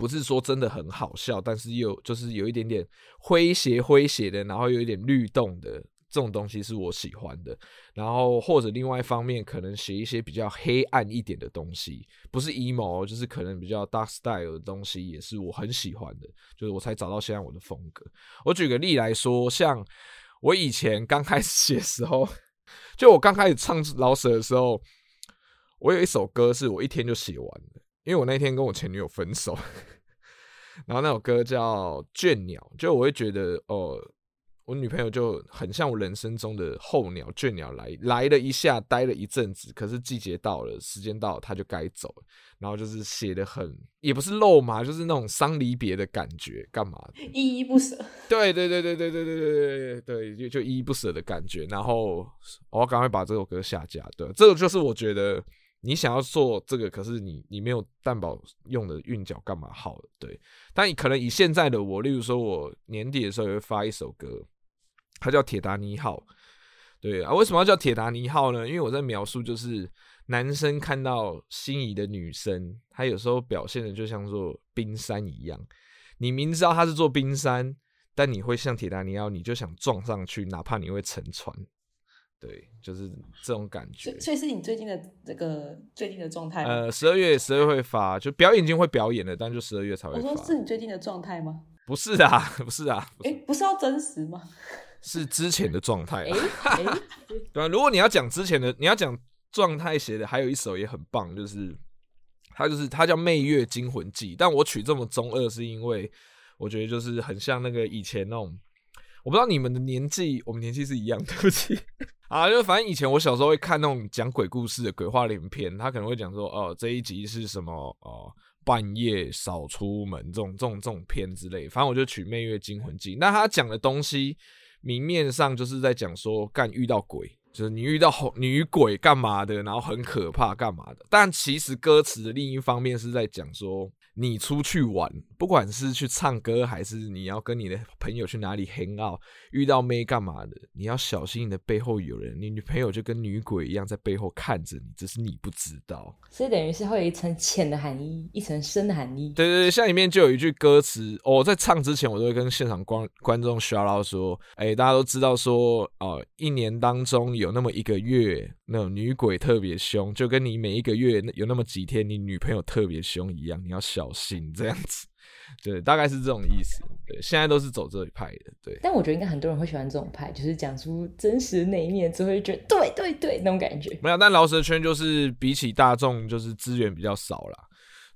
不是說真的很好笑，但是又就是有一點點詼諧詼諧的，然後有一點律動的這種東西是我喜歡的。然後或者另外一方面，可能寫一些比較黑暗一點的東西，不是 emo，就是可能比較 dark style 的東西，也是我很喜歡的。就是我才找到現在我的風格。我舉個例來說，像我以前剛開始寫的時候，就我剛開始唱饒舌的時候，我有一首歌是我一天就寫完了，因為我那天跟我前女友分手。然後那首歌叫《倦鳥》，就我會覺得哦、呃，我女朋友就很像我人生中的候鳥，倦鳥來來了一下，待了一陣子，可是季節到了，時間到了，她就該走了。然後就是寫的很，也不是肉麻，就是那種傷離別的感覺，幹嘛？依依不捨對。對對對對對對對對對對，就就依依不捨的感覺。然後我、哦、趕快把這首歌下架。對，這個就是我覺得。你想要做這個，可是你你沒有蛋堡用的韻腳，幹嘛好？對，但你可能以現在的我，例如說，我年底的時候也會發一首歌，它叫《鐵達尼號》。對啊，為什麼要叫《鐵達尼號》呢？因為我在描述就是男生看到心儀的女生，他有時候表現的就像座冰山一樣，你明知道他是座冰山，但你會像鐵達尼號，你就想撞上去，哪怕你會沉船。對，就是這種感覺。所以，所以是你最近的這個最近的狀態嗎？呃，十二月十二月會發，就表演已經會表演了，但就十二月才會發。我說是你最近的狀態嗎？不是啊，不是啊。哎、欸，不是要真實嗎？是之前的狀態、啊。欸 欸、 對啊。如果你要講之前的，你要講狀態寫的，還有一首也很棒，就是它就是它叫《魅月驚魂記》，但我取這麼中二，是因為我覺得就是很像那個以前那種。我不知道你們的年紀，我們年紀是一樣。對不起啊， 就反正以前我小時候會看那種講鬼故事的鬼話連篇，他可能會講說，哦、呃，這一集是什麼？哦、呃，半夜少出門這種這種這種片之類。反正我就取《魅月驚魂記》，那他講的東西明面上就是在講說，幹遇到鬼，就是你遇到女鬼幹嘛的，然後很可怕幹嘛的。但其實歌詞的另一方面是在講說，你出去玩、不管是去唱歌，還是你要跟你的朋友去哪裡 hang out 遇到妹幹嘛的，你要小心你的背後有人。你女朋友就跟女鬼一樣在背後看着你，只是你不知道。所以等於是會有一層淺的含義，一層深的含義。對對對，像裡面就有一句歌詞，哦，在唱之前，我都會跟現場觀觀眾 shout out 說：“哎、欸，大家都知道說，哦、呃，一年當中有那麼一個月，那種女鬼特別凶，就跟你每一個月那有那麼幾天，你女朋友特別凶一樣，你要小心這樣子。”對，大概是這種意思。對，現在都是走這一派的。對，但我覺得應該很多人會喜歡這種派，就是講出真實那一面，就會覺得對對對那種感覺。沒有，但饒舌圈就是比起大眾，就是資源比較少了。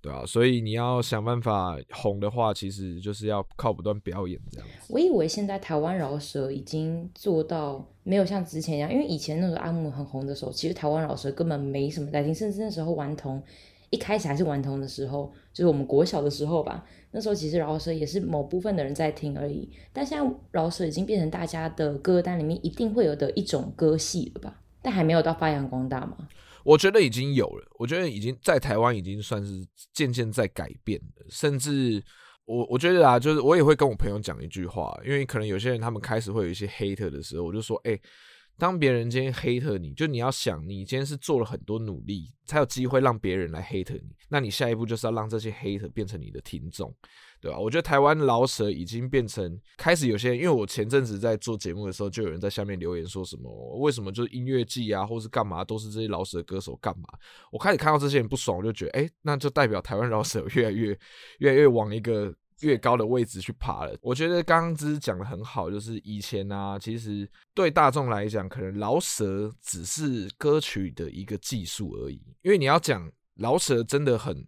對啊，所以你要想辦法紅的話，其實就是要靠不斷表演這樣子。我以為現在台灣饒舌已經做到沒有像之前一樣，因為以前那個阿姆很紅的時候，其實台灣饒舌根本沒什麼在聽，甚至那時候頑童。一開始還是頑童的時候，就是我們國小的時候吧。那時候其實饒舌也是某部分的人在聽而已。但現在饒舌已經變成大家的歌單裡面一定會有的一種歌系了吧？但還沒有到發揚光大嗎？我覺得已經有了。我覺得已經在台灣已經算是漸漸在改變了。甚至我我覺得啊，就是我也會跟我朋友講一句話，因為可能有些人他們開始會有一些黑特的時候，我就說，哎、欸。當別人今天黑特你，就你要想，你今天是做了很多努力，才有機會讓別人來黑特你。那你下一步就是要讓這些黑特變成你的聽眾，對吧？我覺得台灣饒舌已經變成，開始有些人因為我前陣子在做節目的時候，就有人在下面留言說什麼，為什麼就是音樂祭啊，或是幹嘛，都是這些饒舌歌手幹嘛？我開始看到這些人不爽，我就覺得，哎，那就代表台灣饒舌越來越越來越往一個。越高的位置去爬了，我覺得剛剛只是講的很好，就是以前啊，其實對大眾來講，可能饒舌只是歌曲的一個技術而已。因為你要講饒舌真的很，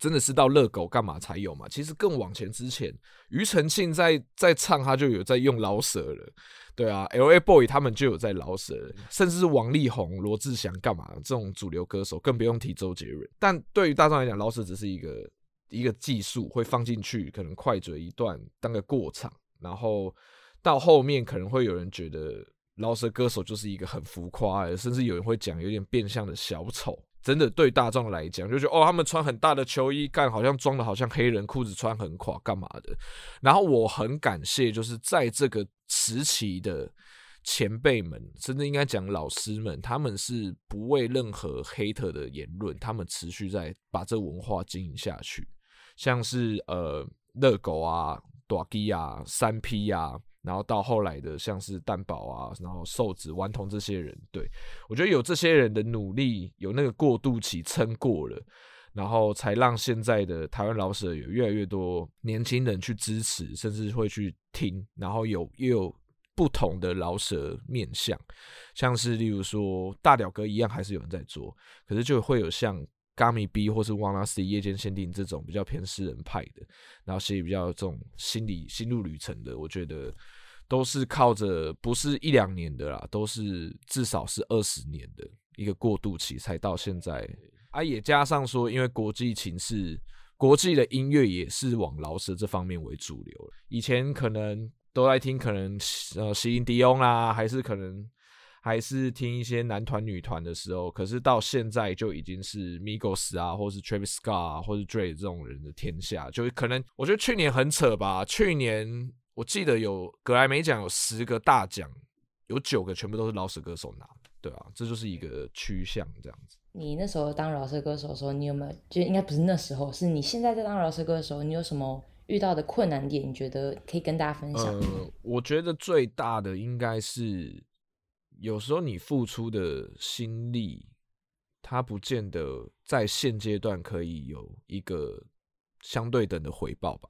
真的是到熱狗幹嘛才有嘛？其實更往前之前，庾澄慶在在唱他就有在用饒舌了，對啊，L.A. Boyz 他們就有在饒舌，甚至是王力宏、羅志祥幹嘛這種主流歌手，更不用提周杰倫。但對於大眾來講，饒舌只是一個。一個技術會放進去，可能快嘴一段當個過場，然後到後面可能會有人覺得饒舌歌手就是一個很浮誇的，甚至有人會講有點變相的小丑。真的對大眾來講，就覺得哦，他們穿很大的球衣，幹好像裝的，好像黑人褲子穿很垮幹嘛的。然後我很感謝，就是在這個時期的前輩們，甚至應該講老師們，他們是不畏任何黑特的言論，他們持續在把這文化經營下去。像是呃熱狗啊、短雞啊、三 P 啊，然後到後來的像是蛋堡啊，然後瘦子、頑童這些人。對，我覺得有這些人的努力，有那個過渡期撐過了，然後才讓現在的台灣老舍有越來越多年輕人去支持，甚至會去聽，然後有又有不同的老舍面相，像是例如說大屌哥一樣，還是有人在做，可是就會有像 Gummy B 或是 Wanna See 夜間限定這種比較偏詩人派的，然後是比較這種心理心路旅程的，我覺得都是靠着不是一兩年的啦，都是至少是二十年的一個過渡期才到現在啊，也加上說，因為國際情勢，國際的音樂也是往勞斯這方面為主流，以前可能都在聽，可能呃席琳迪翁啦，還是可能。還是聽一些男團、女團的時候，可是到現在就已經是 Migos 啊，或是 Travis Scott 啊，或是 Drake 這種人的天下。就可能我覺得去年很扯吧，去年我記得有格萊美獎有十個大獎，有九個全部都是饒舌歌手拿，對啊，這就是一個趨向這樣子。你那時候當饒舌歌手的時候，你有沒有？就應該不是那時候，是你現在在當饒舌歌手的時候，你有什麼遇到的困難點？你覺得可以跟大家分享？呃，我覺得最大的應該是。有時候你付出的心力，它不見得在現階段可以有一個相對等的回報吧。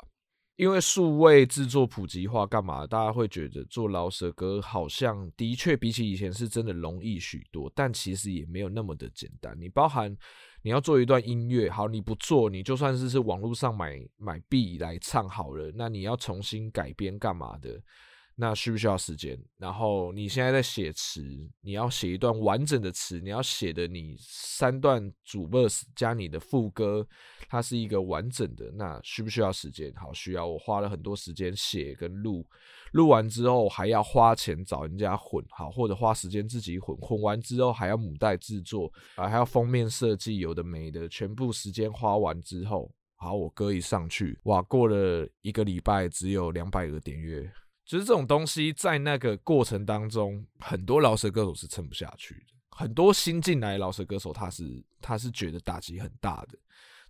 因為數位製作普及化，幹嘛？大家會覺得做饒舌歌好像的確比起以前是真的容易許多，但其實也沒有那麼的簡單。你包含你要做一段音樂，好，你不做，你就算是是網絡上買買幣來唱好了，那你要重新改編幹嘛的？那需不需要時間？然後你現在在寫詞，你要寫一段完整的詞，你要寫的你三段主 verse 加你的副歌，它是一個完整的。那需不需要時間？好，需要。我花了很多時間寫跟錄，錄完之後還要花錢找人家混好，或者花時間自己混。混完之後還要母帶製作啊，還要封面設計，有的沒的，全部時間花完之後，好，我歌一上去，哇，過了一個禮拜只有兩百個點閱。就是這種東西，在那個過程當中，很多饒舌歌手是撐不下去的，很多新進來的饒舌歌手，他是他是覺得打擊很大的，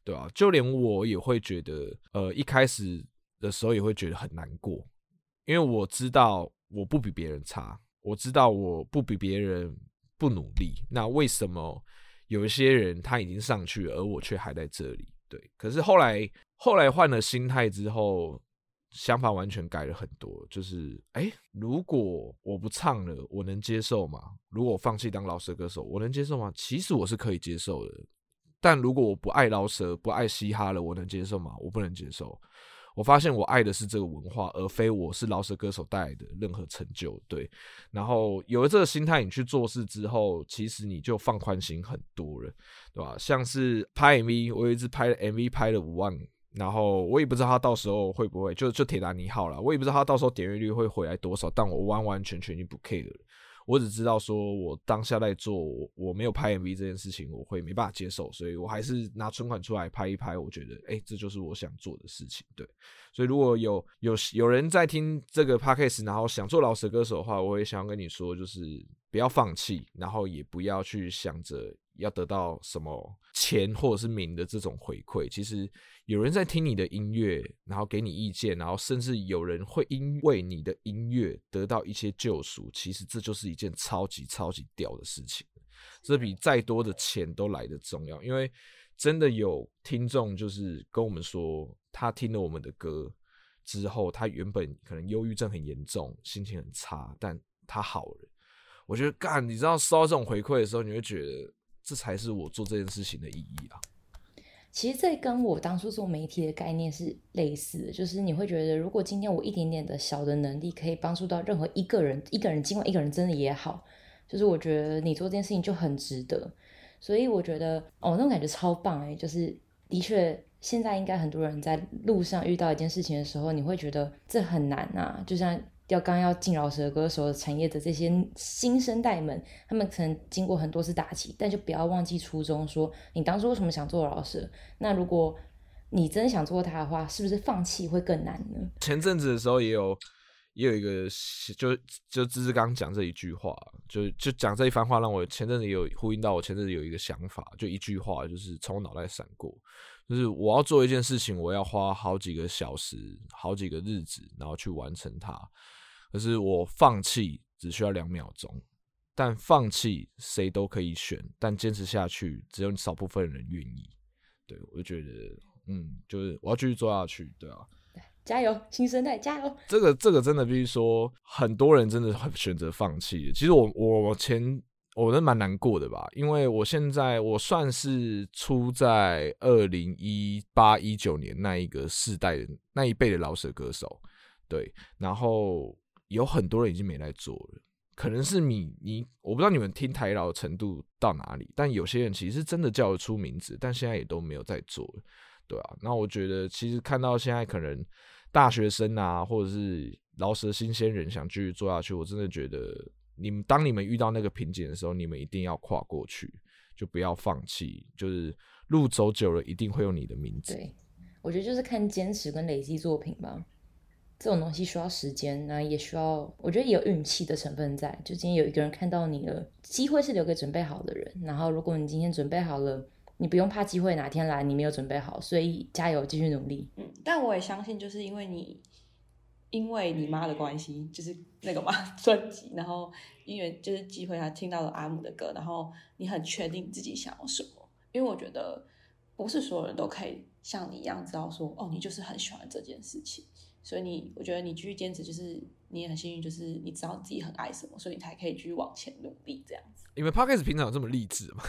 對吧？就連我也會覺得，呃，一開始的時候也會覺得很難過，因為我知道我不比別人差，我知道我不比別人不努力，那為什麼有一些人他已經上去了，而我卻還在這裡？對，可是後來後來換了心態之後。想法完全改了很多，就是誒，如果我不唱了，我能接受嗎？如果我放棄當饒舌歌手，我能接受嗎？其實我是可以接受的，但如果我不愛饒舌、不愛嘻哈了，我能接受嗎？我不能接受。我發現我愛的是這個文化，而非我是饒舌歌手帶來的任何成就。對，然後有了這個心態，你去做事之後，其實你就放寬心很多了，對吧？像是拍 MV，我有一次拍 MV，拍了五萬。然後我也不知道他到時候會不會就就鐵達尼號了，我也不知道他到時候點閱率會回來多少，但我完完全全就不 care 了。我只知道說我當下在做，我沒有拍 MV 這件事情，我會沒辦法接受，所以我還是拿存款出來拍一拍。我覺得，哎，這就是我想做的事情，對。所以如果有有有人在聽這個 podcast，然後想做饒舌歌手的話，我也想要跟你說，就是不要放棄，然後也不要去想着。要得到什麼錢或者是名的這種回饋，其實有人在聽你的音樂，然後給你意見，然後甚至有人會因為你的音樂得到一些救贖。其實這就是一件超級超級屌的事情，這比再多的錢都來得重要。因為真的有聽眾就是跟我們說，他聽了我們的歌之後，他原本可能憂鬱症很嚴重，心情很差，但他好了。我覺得幹，你知道收到這種回饋的時候，你會覺得。這才是我做這件事情的意義啊！其實這跟我當初做媒體的概念是類似的，就是你會覺得，如果今天我一點點的小的能力可以幫助到任何一個人，一個人，儘管一個人真的也好，就是我覺得你做這件事情就很值得。所以我覺得，哦，那種感覺超棒誒、欸。就是的確，現在應該很多人在路上遇到一件事情的時候，你會覺得這很難啊，就像。要剛要進饒舌的歌手產業的這些新生代們，他們曾經過很多次打擊，但就不要忘記初衷說，說你當初為什麼想做饒舌？那如果你真的想做他的話，是不是放棄會更難呢？前陣子的時候也有也有一個，就就孜孜剛剛講這一句話，就就講這一番話，讓我前陣子也有呼應到，我前陣子有一個想法，就一句話就是從我腦袋閃過，就是我要做一件事情，我要花好幾個小時、好幾個日子，然後去完成它。可是我放棄只需要兩秒鐘，但放棄誰都可以選，但堅持下去只有你少部分人願意。對，我就覺得，嗯，就是我要繼續做下去，對啊，加油，新生代，加油。這個這個真的必須說，很多人真的會選擇放棄。其實我我前我真的蠻難過的吧，因為我現在我算是出在二零一八一九年那一個世代的那一輩的饒舌歌手，對，然後。有很多人已經沒在做了，可能是你你我不知道你們聽台饒的程度到哪裡，但有些人其實真的叫得出名字，但現在也都沒有在做了，對啊。那我覺得其實看到現在可能大學生啊，或者是饒舌新鮮人想繼續做下去，我真的覺得你們當你們遇到那個瓶頸的時候，你們一定要跨過去，就不要放棄，就是路走久了，一定會有你的名字。對，我覺得就是看堅持跟累積作品吧。這種東西需要時間啊，那也需要，我覺得也有運氣的成分在。就今天有一個人看到你了，機會是留給準備好的人。然後，如果你今天準備好了，你不用怕機會哪天來，你沒有準備好。所以加油，繼續努力。嗯，但我也相信，就是因為你，因為你媽的關係，就是那個嘛專輯，然後因為就是機會，還聽到了阿姆的歌，然後你很確定自己想要什麼。因為我覺得不是所有人都可以像你一樣知道說，哦，你就是很喜歡這件事情。所以你，我覺得你繼續堅持，就是你也很幸運，就是你知道你自己很愛什麼，所以你才可以繼續往前努力這樣子。你們 podcast 平常有這麼勵志嗎？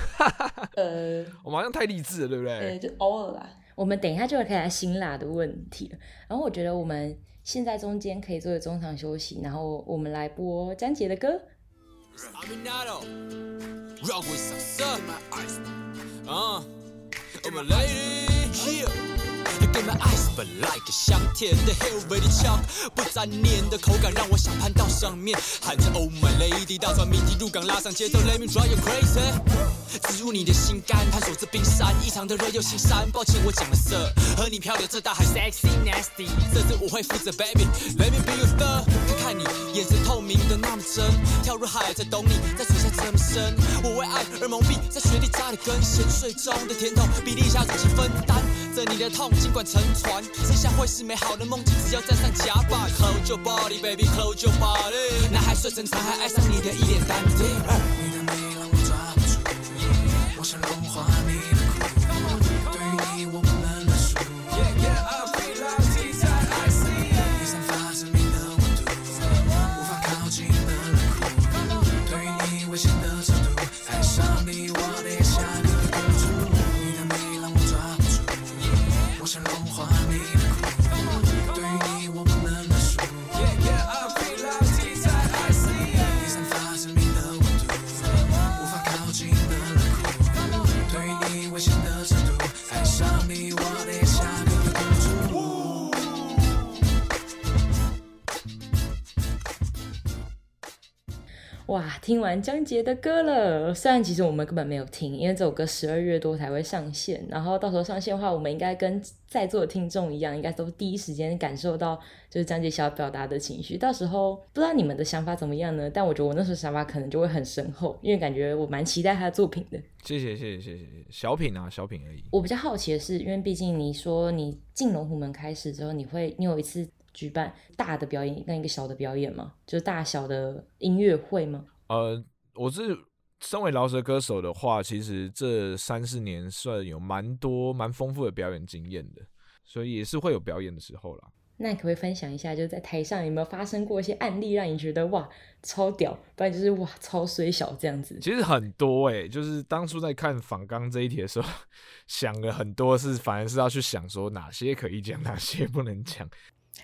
呃，我們好像太勵志了，對不對？對、呃、就偶爾啦，我們等一下就可以來辛辣的問題。然後我覺得我們現在中間可以作為中場休息，然後我們來播姜傑的歌。啊啊 In、my eyes burn like 香甜的 Hill v a l y、really、Choc，不粘黏的口感讓我想攀到上面，喊着 Oh my lady，大船鳴笛入港，拉上節奏，Let me drive you crazy，植入你的心肝，探索這冰山，異常的熱又心酸，抱歉我講了色，和你漂流這大海，Sexy nasty，這次我會負責 Baby，Let me be your girl，看看你眼神透明的那麼真，跳入海才懂你，在水下這麼深，我為愛而蒙蔽，在雪地扎的根，鹹水中的甜頭比例下，如何分擔着你的痛，儘管。乘船，這下會是美好的夢境。只要站上甲板，Close your body, baby, close your body。男孩睡成船，還愛上你的一臉淡定。哇，聽完姜傑的歌了。雖然其實我們根本沒有聽，因為這首歌十二月多才會上線。然後到時候上線的話，我們應該跟在座的聽眾一樣，應該都第一時間感受到就是姜傑想要表達的情緒。到時候不知道你們的想法怎麼樣呢？但我覺得我那時候想法可能就會很深厚，因為感覺我蠻期待他的作品的。謝謝謝謝謝謝，小品啊，小品而已。我比較好奇的是，因為畢竟你說你進龍虎門開始之後，你會你有一次。舉辦大的表演那一個小的表演嗎？就是大小的音樂會嗎？呃，我是身為饒舌歌手的話，其實這三四年算有蠻多蠻豐富的表演經驗的，所以也是會有表演的時候啦。那你可不可以分享一下，就是在台上有沒有發生過一些案例，讓你覺得哇超屌，不然就是哇超衰小這樣子？其實很多哎、欸，就是當初在看訪綱這一題的時候，想了很多是，反而是要去想說哪些可以講，哪些不能講。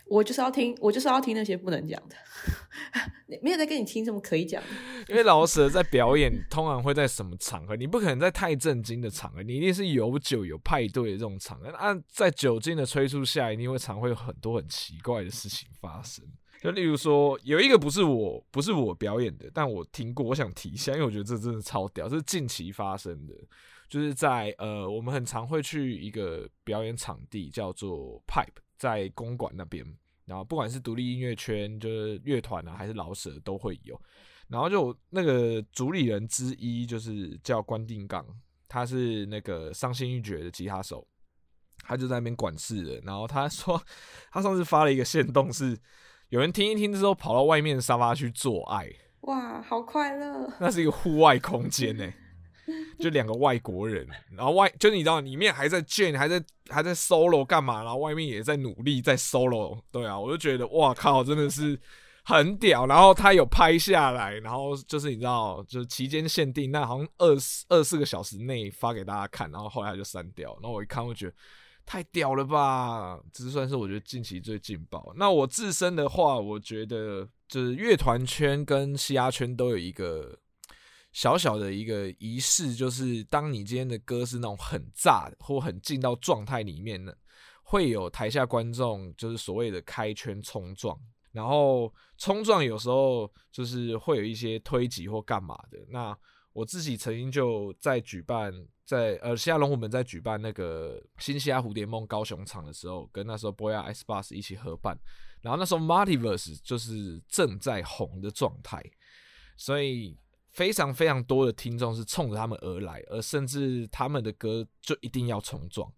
我就是要聽，我就是要聽那些不能講的。 沒有在跟你聽什麼可以講的。因為饒舌在表演， 通常會在什麼場合？你不可能在太正經的場合，你一定是有酒有派對的這種場合。那在酒精的催促下，一定會常會有很多很奇怪的事情發生。就例如說，有一個不是我，不是我表演的，但我聽過，我想提一下，因為我覺得這真的超屌，這是近期發生的，就是在呃，我們很常會去一個表演場地，叫做 Pipe。在公館那邊，然後不管是獨立音樂圈，就是樂團啊，還是饒舌都會有。然後就那個主理人之一，就是叫關定崗，他是那個傷心欲絕的吉他手，他就在那邊管事的。然後他說，他上次發了一個限動，是有人聽一聽之後跑到外面的沙發去做愛。哇，好快樂！那是一個戶外空間呢，欸。就兩個外國人，然後外就是你知道，裡面還在建，還在還在 solo 幹嘛，然後外面也在努力在 solo，對啊，我就覺得哇靠，真的是很屌。然後他有拍下來，然後就是你知道，就是期間限定，那好像二二四個小時內發給大家看，然後後來他就刪掉。然後我一看，我覺得太屌了吧，這算是我覺得近期最勁爆。那我自身的話，我覺得就是樂團圈跟嘻哈圈都有一個。小小的一個儀式，就是當你今天的歌是那種很炸的或很進到狀態裡面呢，會有台下觀眾就是所謂的開圈衝撞，然後衝撞有時候就是會有一些推擠或幹嘛的。那我自己曾經就在舉辦在，在呃，西亞龍虎門在舉辦那個新西亞蝴蝶夢高雄場的時候，跟那時候波亞 S Boss 一起合辦，然後那時候 Multiverse 就是正在紅的狀態，所以。非常非常多的聽眾是衝着他們而來，而甚至他們的歌就一定要衝撞。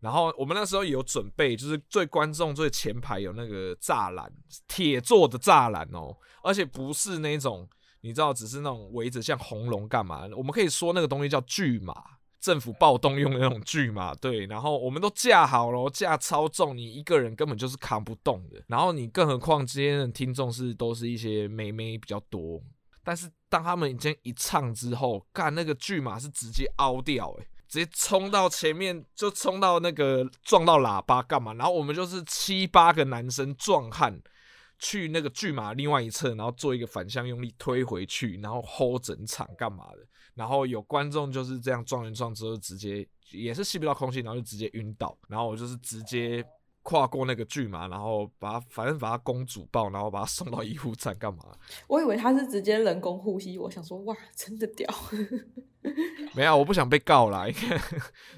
然後我們那時候也有準備，就是最觀眾最前排有那個柵欄，鐵做的柵欄哦，而且不是那種你知道，只是那種圍着像紅龍幹嘛？我們可以說那個東西叫巨馬，政府暴動用的那種巨馬對。然後我們都架好了，架超重，你一個人根本就是扛不動的。然後你更何況今天的聽眾是都是一些妹妹比較多，但是。當他們已經一唱之後，幹那個拒馬，是直接凹掉哎、欸，直接衝到前面就衝到那個撞到喇叭幹嘛？然後我們就是七八個男生壯漢去那個拒馬另外一側，然後做一個反向用力推回去，然後 hold 整場幹嘛的？然後有觀眾就是這樣撞一撞之後，直接也是吸不到空氣，然後就直接暈倒。然後我就是直接。跨過那個拒馬，然後把反正把他公主抱，然後把他送到醫護站幹嘛？我以為他是直接人工呼吸，我想說哇，真的屌， 沒有，我不想被告啦，應該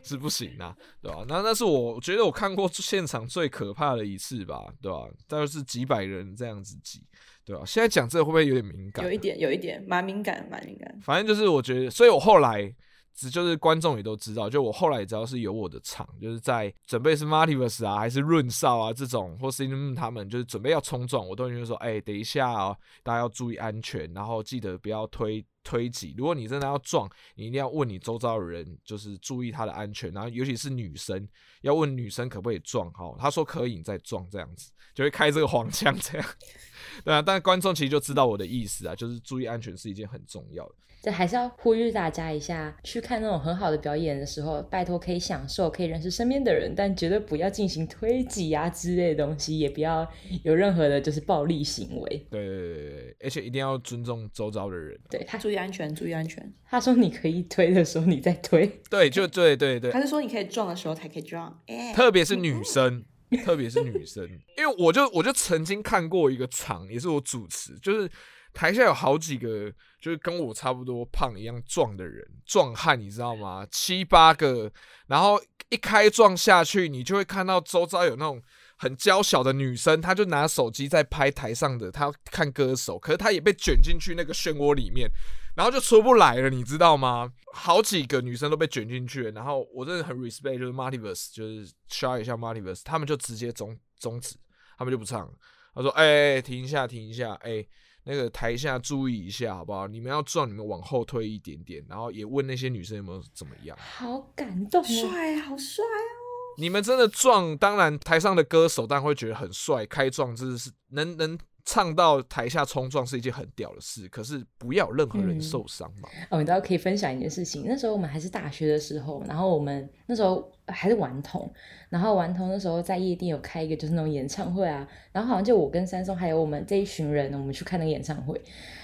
是不行啦，啊，對吧？那那是我覺得我看過現場最可怕的一次吧，對吧、啊？大約是幾百人這樣子擠，對啊，現在講這個會不會有點敏感、啊？有一點，有一點，蠻敏感，蠻敏感。反正就是我覺得，所以我後來。只就是觀眾也都知道，就我後來也知道是有我的場，就是在準備是馬蒂 vs 啊，還是潤少啊這種，或 CM 他們就是準備要衝撞，我都會就說：哎、欸，等一下哦，大家要注意安全，然後記得不要推。推擠，如果你真的要撞，你一定要問你周遭的人，就是注意他的安全。然後，尤其是女生，要問女生可不可以撞。哈、哦，他說可以你再撞，這樣子就會開這個黃腔。這樣， 對啊。但觀眾其實就知道我的意思啊，就是注意安全是一件很重要的。這還是要呼籲大家一下，去看那種很好的表演的時候，拜託可以享受，可以認識身邊的人，但絕對不要進行推擠啊之類的東西，也不要有任何的就是暴力行為。對對對對，而且一定要尊重周遭的人。對，他、哦、注意。注意安全！注意安全！他說：“你可以推的時候，你再推。”對，就對對對。他是說：“你可以撞的時候才可以撞。”欸，特別是女生，嗯，特別是女生， 因為我就我就曾經看過一個場，也是我主持，就是台下有好幾個就是跟我差不多胖一樣壯的人，壯漢，你知道嗎？七八個，然後一開撞下去，你就會看到周遭有那種很嬌小的女生，她就拿手機在拍台上的，她看歌手，可是她也被捲進去那個漩渦裡面。然後就出不來了，你知道嗎？好幾個女生都被捲進去了。然後我真的很 respect 就是 Martiverse，就是 shout 一下 Martiverse，他們就直接中終止，他們就不唱了。他說：“哎、欸，停一下，停一下，哎、欸，那個台下注意一下，好不好？你們要撞，你們往後退一點點。然後也問那些女生有沒有怎麼樣。好感動，帥，好帥哦！你們真的撞，當然台上的歌手當然會覺得很帥，開撞真的是能能。”唱到台下衝撞是一件很屌的事，可是不要任何人受傷嘛。哦、嗯啊，我倒可以分享一件事情。那時候我們還是大學的時候，然後我們那時候還是頑童，然後頑童那時候在夜店有開一個就是那種演唱會啊，然後好像就我跟珊菘還有我們這一群人，我們去看那個演唱會。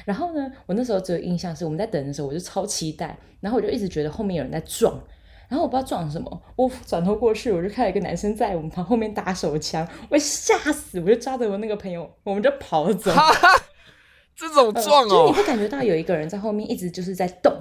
然後呢，我那時候只有印象是我們在等的時候，我就超期待，然後我就一直覺得後面有人在撞。然後我不知道撞什麼，我轉頭過去，我就看到一個男生在我們旁後面打手槍，我嚇死，我就抓着我那個朋友，我們就跑走。哈這種撞哦，呃，就是你會感覺到有一個人在後面一直就是在動。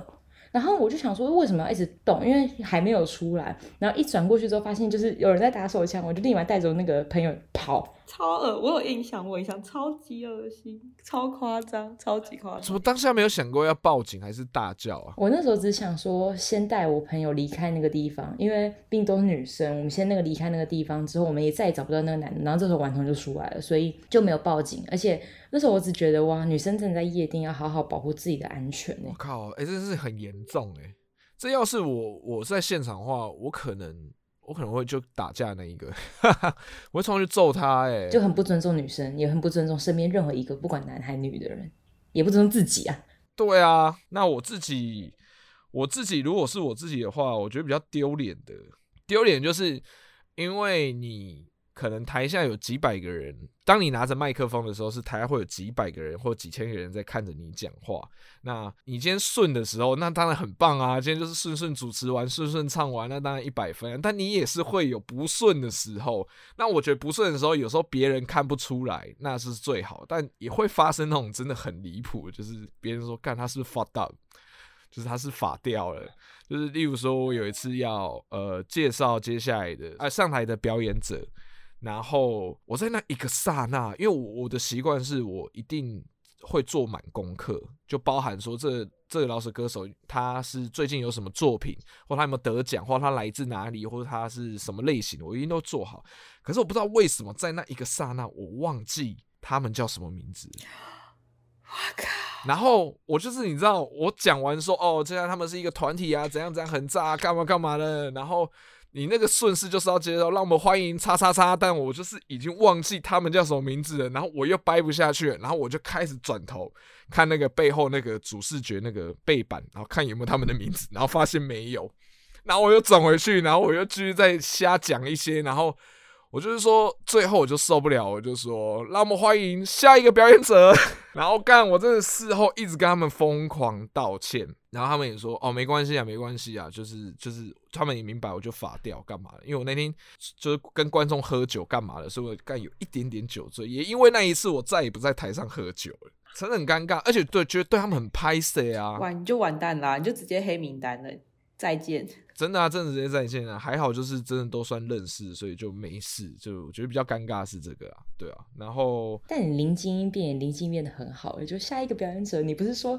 然後我就想說，為什麼要一直動？因為還沒有出來。然後一轉過去之後，發現就是有人在打手槍，我就立馬帶着那個朋友跑。超惡！我有印象，我印象超級惡心，超誇張，超級誇張。怎麼當下沒有想過要報警還是大叫啊？我那時候只想說，先帶我朋友離開那個地方，因為並都是女生。我們先那個離開那個地方之後，我們也再也找不到那個男的。然後這時候晚上就出來了，所以就沒有報警。而且那時候我只覺得哇，女生真的在夜店要好好保護自己的安全、欸。我、哦、靠！哎、欸，這是很嚴重哎、欸，這要是我，我在現場的話，我可能，我可能會就打架那一個， 我會衝上去揍他。哎、欸，就很不尊重女生，也很不尊重身邊任何一個不管男還女的人，也不尊重自己啊。對啊，那我自己，我自己如果是我自己的話，我覺得比較丟臉的丟臉就是因為你，可能台下有幾百個人，當你拿着麥克風的時候，是台下會有幾百個人或幾千個人在看着你講話。那你今天順的時候，那當然很棒啊！今天就是順順主持完，順順唱完，那當然一百分。但你也是會有不順的時候。那我覺得不順的時候，有時候別人看不出來，那是最好。但也會發生那種真的很離譜，就是別人說看他是 fucked up，就是他是發掉了。就是例如說，我有一次要呃介紹接下來的啊、呃、上台的表演者。然後我在那一個剎那，因為我我的習慣是我一定會做滿功課，就包含說，這這個、饒舌歌手他是最近有什麼作品，或他有沒有得獎，或他來自哪裡，或者他是什麼類型，我一定都做好。可是我不知道為什麼在那一個剎那，我忘記他們叫什麼名字。我靠！然後我就是你知道，我講完說哦，這樣他們是一個團體啊，怎樣怎樣很炸、啊，幹嘛幹嘛的，然後。你那個順勢就是要接受，讓我們歡迎叉叉叉，但我就是已經忘記他們叫什麼名字了，然後我又掰不下去，然後我就開始轉頭看那個背後那個主視覺那個背板，然後看有沒有他們的名字，然後發現沒有，然後我又轉回去，然後我又繼續再瞎講一些，然後。我就是說，最後我就受不了，我就說，那麼歡迎下一個表演者。 然後幹，我真的事後一直跟他們瘋狂道歉，然後他們也說，哦，沒關係啊，沒關係啊，就是就是，他們也明白，我就罰掉幹嘛的？因為我那天就是跟觀眾喝酒幹嘛的，所以我幹有一點點酒醉。也因為那一次，我再也不在台上喝酒了，真的很尷尬，而且對，覺得對他們很拍塞啊，完，你就完蛋啦，你就直接黑名單了，再見。真的啊，真的直接在線啊，還好就是真的都算認識，所以就沒事，就我覺得比較尷尬是這個啊，對啊，然後但臨機應變，臨機應變得很好，也就下一個表演者，你不是說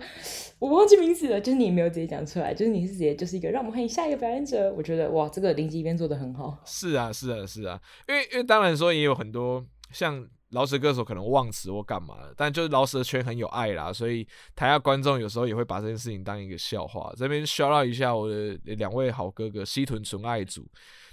我忘記名字了，就是你沒有直接講出來，就是你是直接就是一個讓我們歡迎下一個表演者，我覺得哇，這個臨機應變做的很好，是啊是啊是啊，因為因為當然說也有很多像。老死歌手可能忘詞或幹嘛，但就是饒舌的圈很有愛啦，所以台下觀眾有時候也會把這件事情當一個笑話。這邊 shout out 一下我的兩位好哥哥西屯純愛組，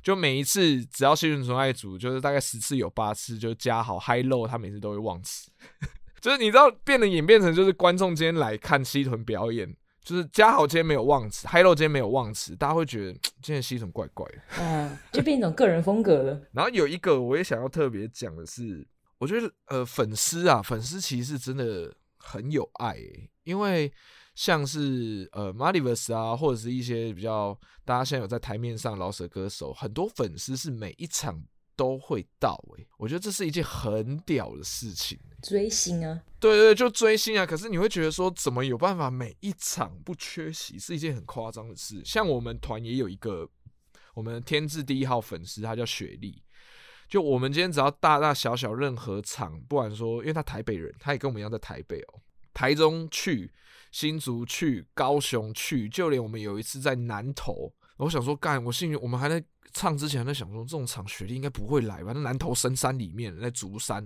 就每一次只要西屯純愛組，就是大概十次有八次，就加好嗨露，他每次都會忘詞， 就是你知道變得演變成就是觀眾今天來看西屯表演，就是加好今天沒有忘詞，嗨 露今天沒有忘詞，大家會覺得今天西屯怪怪的，嗯，就變一種個人風格了。 然後有一個我也想要特別講的是，我覺得呃，粉絲啊，粉絲其實真的很有愛，欸，因為像是呃，馬里巴斯啊，或者是一些比較大家現在有在台面上的饒舌歌手，很多粉絲是每一場都會到哎，欸，我覺得這是一件很屌的事情。追星啊，對對、對，就追星啊。可是你會覺得說，怎麼有辦法每一場不缺席，是一件很誇張的事。像我們團也有一個我們天字第一號粉絲，他叫雪莉。就我們今天只要大大小小任何場，不管說，因為他台北人，他也跟我們一樣在台北哦、喔。台中去、新竹去、高雄去，就連我們有一次在南投，我想說，幹，我幸運，我們還在唱之前還在想說，這種場雪莉應該不會來吧？那南投深山裡面，在竹山，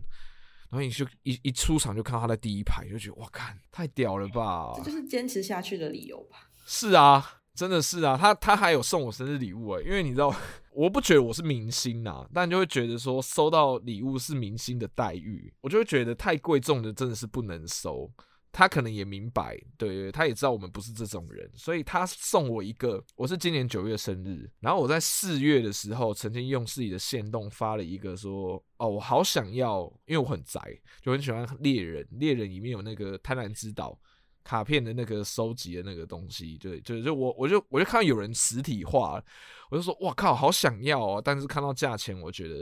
然後你就一一出場就看到他在第一排，就覺得哇，幹，太屌了吧！這就是堅持下去的理由吧？是啊。真的是啊，他他還有送我生日禮物哎、欸，因為你知道，我不覺得我是明星吶、啊，但你就會覺得說，收到禮物是明星的待遇，我就會覺得太貴重的真的是不能收。他可能也明白，對對，他也知道我們不是這種人，所以他送我一個。我是今年九月生日，然後我在四月的時候曾經用自己的限動發了一個說，哦，我好想要，因為我很宅，就很喜歡獵人，獵人裡面有那個貪婪之島。卡片的那個收集的那個東西，對，就是我我就我就看到有人實體化，我就說哇靠，好想要哦。但是看到價錢，我覺得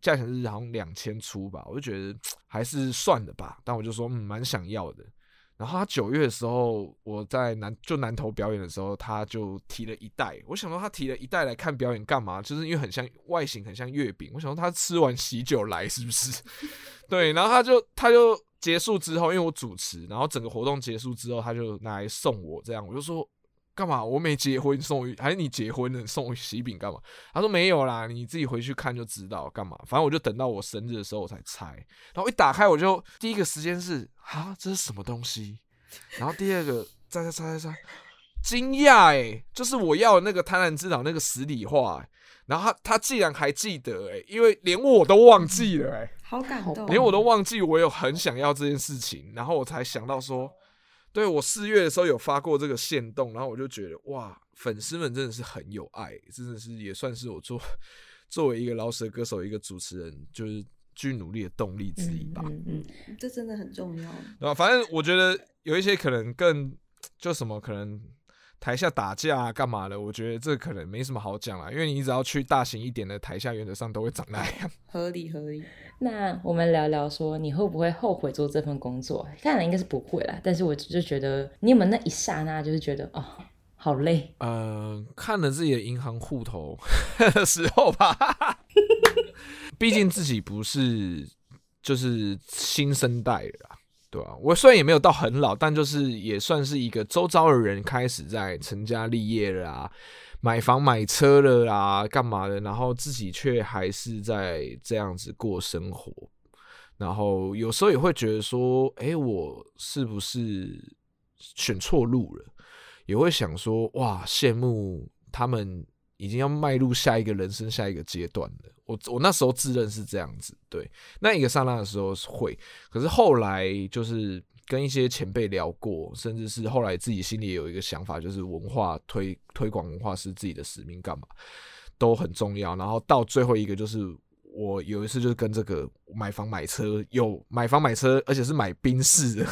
價錢是好像兩千出吧，我就覺得還是算了吧。但我就說嗯，蠻想要的。然後他九月的時候，我在南就南投表演的時候，他就提了一袋。我想說他提了一袋來看表演幹嘛？就是因為很像外形，很像月餅。我想說他吃完喜酒來是不是？ 對，然後他就他就。結束之後，因為我主持，然後整個活動結束之後，他就拿來送我，這樣我就說幹嘛？我沒結婚送，還是你結婚了送喜餅幹嘛？他說沒有啦，你自己回去看就知道幹嘛。反正我就等到我生日的時候我才拆，然後一打開我就第一個時間是啊這是什麼東西？然後第二個拆拆拆拆拆，驚訝哎，就是我要那個《貪婪之島》那個實體化、欸。然後他，他既然還記得、欸，因為連我都忘記了、欸，好感動、哦。連我都忘記我有很想要這件事情，然後我才想到說，對我四月的時候有發過這個限動，然後我就覺得哇，粉絲們真的是很有愛，真的是也算是我做作為一個饒舌歌手、一個主持人，就是去努力的動力之一吧嗯嗯嗯。嗯，這真的很重要。然後，反正我覺得有一些可能更就什麼可能。台下打架幹、啊、嘛的？我覺得這可能沒什麼好講啦，因為你只要去大型一點的台下，原則上都會長那樣。合理合理。那我們聊聊說，你會不會後悔做這份工作？看來應該是不會啦，但是我就覺得，你有沒有那一剎那就是覺得，哦，好累？嗯、呃，看了自己的銀行戶頭 的時候吧，畢 竟自己不是就是新生代了啦。對啊，我雖然也沒有到很老，但就是也算是一個周遭的人開始在成家立業了啊，買房買車了啊，幹嘛的，然後自己却還是在這樣子過生活，然後有時候也會覺得說，哎，我是不是選錯路了？也會想說，哇，羨慕他們。已經要邁入下一個人生下一個階段了我。我我那時候自認是這樣子，對，那一個剎那的時候是會，可是後來就是跟一些前輩聊過，甚至是後來自己心裡也有一個想法，就是文化推推廣文化是自己的使命，幹嘛都很重要。然後到最後一個就是我有一次就是跟這個買房買車有買房買車，而且是買賓士的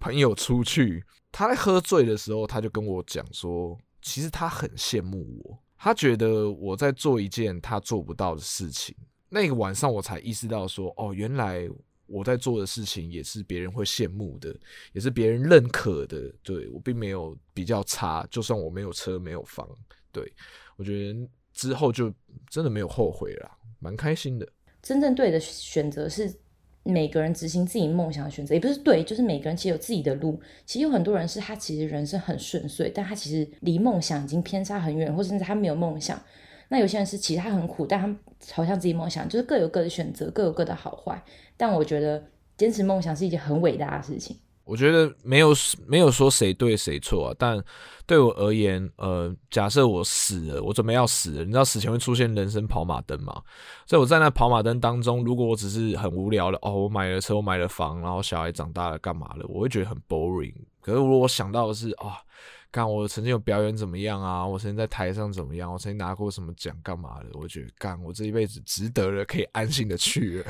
朋友出去，他在喝醉的時候，他就跟我講說，其實他很羨慕我。他覺得我在做一件他做不到的事情。那個晚上，我才意識到說，哦，原來我在做的事情也是別人會羨慕的，也是別人認可的，對，我並沒有比較差，就算我沒有車沒有房，對。我覺得之後就真的沒有後悔啦，蠻開心的。真正對的選擇是。每個人執行自己夢想的選擇，也不是對，就是每個人其實有自己的路。其實有很多人是他其實人生很順遂，但他其實離夢想已經偏差很遠，或者甚至他沒有夢想。那有些人是其他很苦，但他好像自己夢想，就是各有各的選擇，各有各的好壞。但我覺得堅持夢想是一件很偉大的事情。我覺得沒有沒有說誰對誰錯啊，但對我而言，呃，假設我死了，我準備要死了，你知道死前會出現人生跑馬燈嗎？所以我在那跑馬燈當中，如果我只是很無聊的，哦，我買了車，我買了房，然後小孩長大了，幹嘛了，我會覺得很 boring。可是如果我想到的是啊。哦看，我曾經有表演怎麼樣啊？我曾經在台上怎麼樣？我曾經拿過什麼獎？幹嘛的？我覺得幹，我這一輩子值得了，可以安心的去了。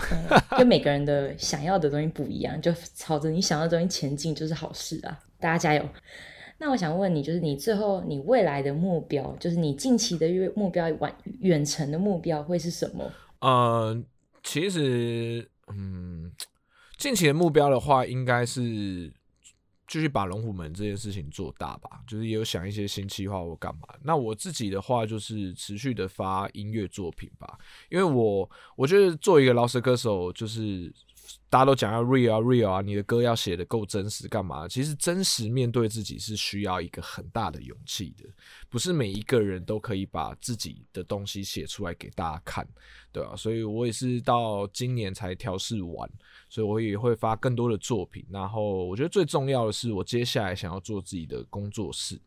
跟、嗯、每個人的 想要的東西不一樣，就朝着你想要的東西前進就是好事啊！大家加油。那我想問你，就是你最後你未來的目標，就是你近期的目目標，遠遠程的目標會是什麼？嗯，其實，嗯，近期的目標的話，應該是。繼續把龍虎門這件事情做大吧，就是也有想一些新企劃，或幹嘛。那我自己的話，就是持續的發音樂作品吧，因為我我覺得做一個饒舌歌手就是。大家都講要 real real 啊，你的歌要寫得夠真實，幹嘛？其實真實面對自己是需要一個很大的勇氣的，不是每一個人都可以把自己的東西寫出來給大家看，對啊，所以我也是到今年才調試完，所以我也會發更多的作品。然後我覺得最重要的是，我接下來想要做自己的工作室。